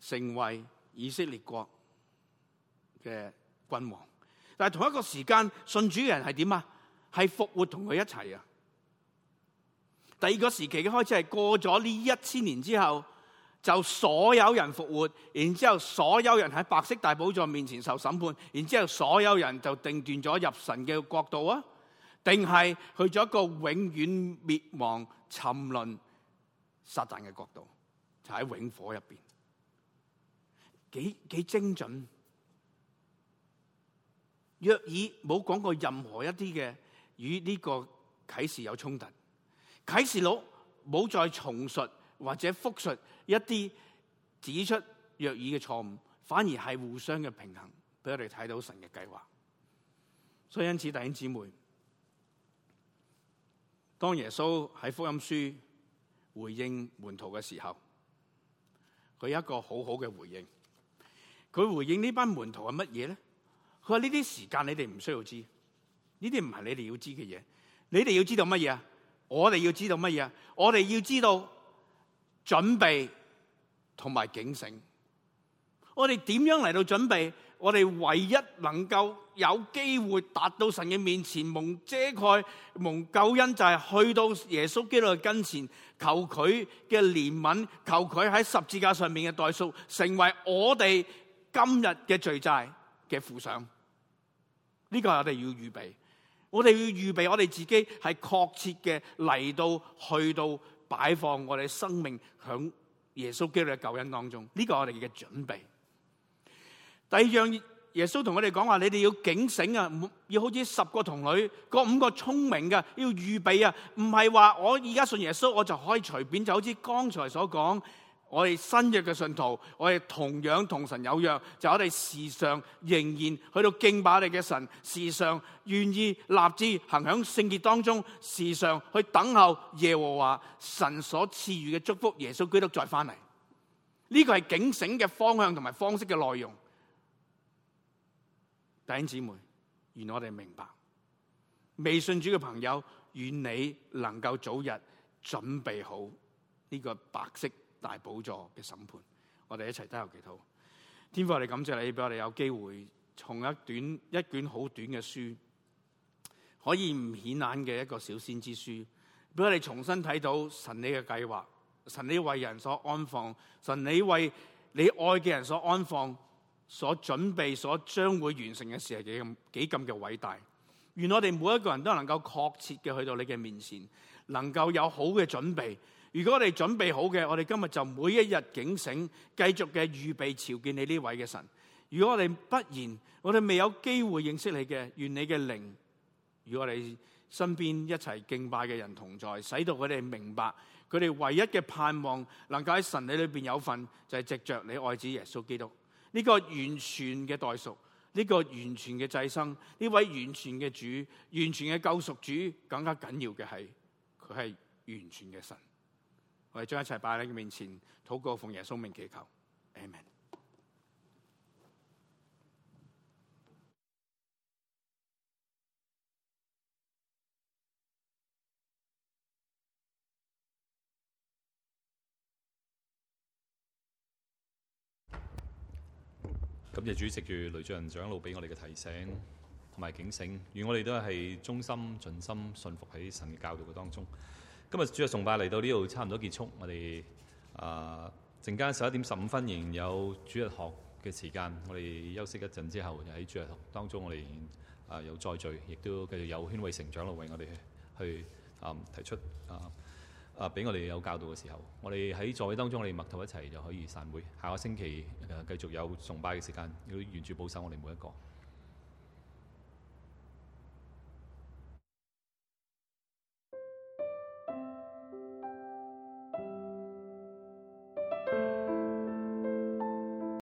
成為以色列國嘅君王，但係同一個時間信主嘅人係點啊？係復活同佢一齊啊！第二個時期嘅開始係過咗呢一千年之後，就所有人復活，然之後所有人喺白色大寶座面前受審判，然之後所有人就定斷咗入神嘅國度啊？定係去咗一個永遠滅亡沉淪？撒旦嘅角度，就喺永火入邊，幾幾精準。約珥冇講過任何一啲嘅與呢個啟示有衝突，啟示錄冇再重述或者複述一啲指出約珥嘅錯誤，反而係互相嘅平衡，俾我哋睇到神嘅計劃。所以因此弟兄姊妹，當耶穌喺福音書，回應門徒嘅時候，佢有一個好好嘅回應。佢回應呢班門徒係乜嘢咧？佢話呢啲時間你哋唔需要知，呢啲唔係你哋要知嘅嘢。你哋要知道乜嘢啊？我哋要知道乜嘢啊？我哋要，要知道準備同埋警醒。我哋點樣嚟到準備？我哋唯一能夠有機會達到神嘅面前，蒙遮蓋、蒙救恩，就係去到耶穌基督嘅跟前，求佢嘅憐憫，求佢喺十字架上面嘅代贖，成為我哋今日嘅罪債嘅付上。呢個係我哋要預備，我哋要預備我哋自己係確切嘅嚟到去到擺放我哋生命響耶穌基督嘅救恩當中。呢個係我哋嘅準備。第二樣，耶穌同我哋講話：你哋要警醒啊，要好似十個童女，五個聰明嘅，要預備啊。唔係話我而家信耶穌，我就可以隨便。就好似剛才所講，我哋新約嘅信徒，我哋同樣同神有約，就我哋時常仍然去到敬拜你嘅神，時常願意立志行響聖潔當中，時常去等候耶和華神所賜予嘅祝福。耶穌基督再翻嚟，呢個係警醒嘅方向同埋方式嘅內容。弟兄姊妹，願我哋明白，未信主嘅朋友，願你能夠早日準備好呢個白色大寶座嘅審判。我哋一齊都有祈禱。天父，我哋感謝你，俾我哋有機會從一短一卷好短嘅書，可以唔顯眼嘅一個小先知書，俾我哋重新睇到神你嘅計劃，神你為人所安放，神你為你愛嘅人所安放，所準備、所將會完成嘅事係幾咁幾咁嘅偉大。願我哋每一個人都能夠確切嘅去到你嘅面前，能夠有好嘅準備。如果我哋準備好嘅，我哋今日就每一日警醒，繼續嘅預備朝見你呢位嘅神。如果我哋不然，我哋未有機會認識你嘅，願你嘅靈與我哋身邊一齊敬拜嘅人同在，使到佢哋明白佢哋唯一嘅盼望能夠喺神你裏邊有份，就係、是、藉著你愛子耶穌基督。呢、這個完全嘅代贖，呢、這個完全嘅祭牲，呢位完全嘅主，完全嘅救贖主，更加緊要嘅係佢係完全嘅神。我哋將一切擺喺佢面前，禱告奉耶穌名祈求，阿門。感謝主席住雷俊仁長老俾我哋嘅提醒同埋警醒，願我哋都係衷心盡心信服喺神嘅教導嘅當中。今日主日崇拜嚟到呢度差唔多結束，我哋啊陣間十一點十五分仍然有主日學嘅時間，我哋休息一陣之後，就喺主日學當中我哋啊又再聚，亦都繼續有圈為成長路為我哋去啊、呃、提出啊。呃啊，俾我哋有教導嘅時候，我哋喺座位當中，我哋默禱一齊就可以散會。下個星期誒繼續有崇拜嘅時間，要嚴住保守我哋每一個。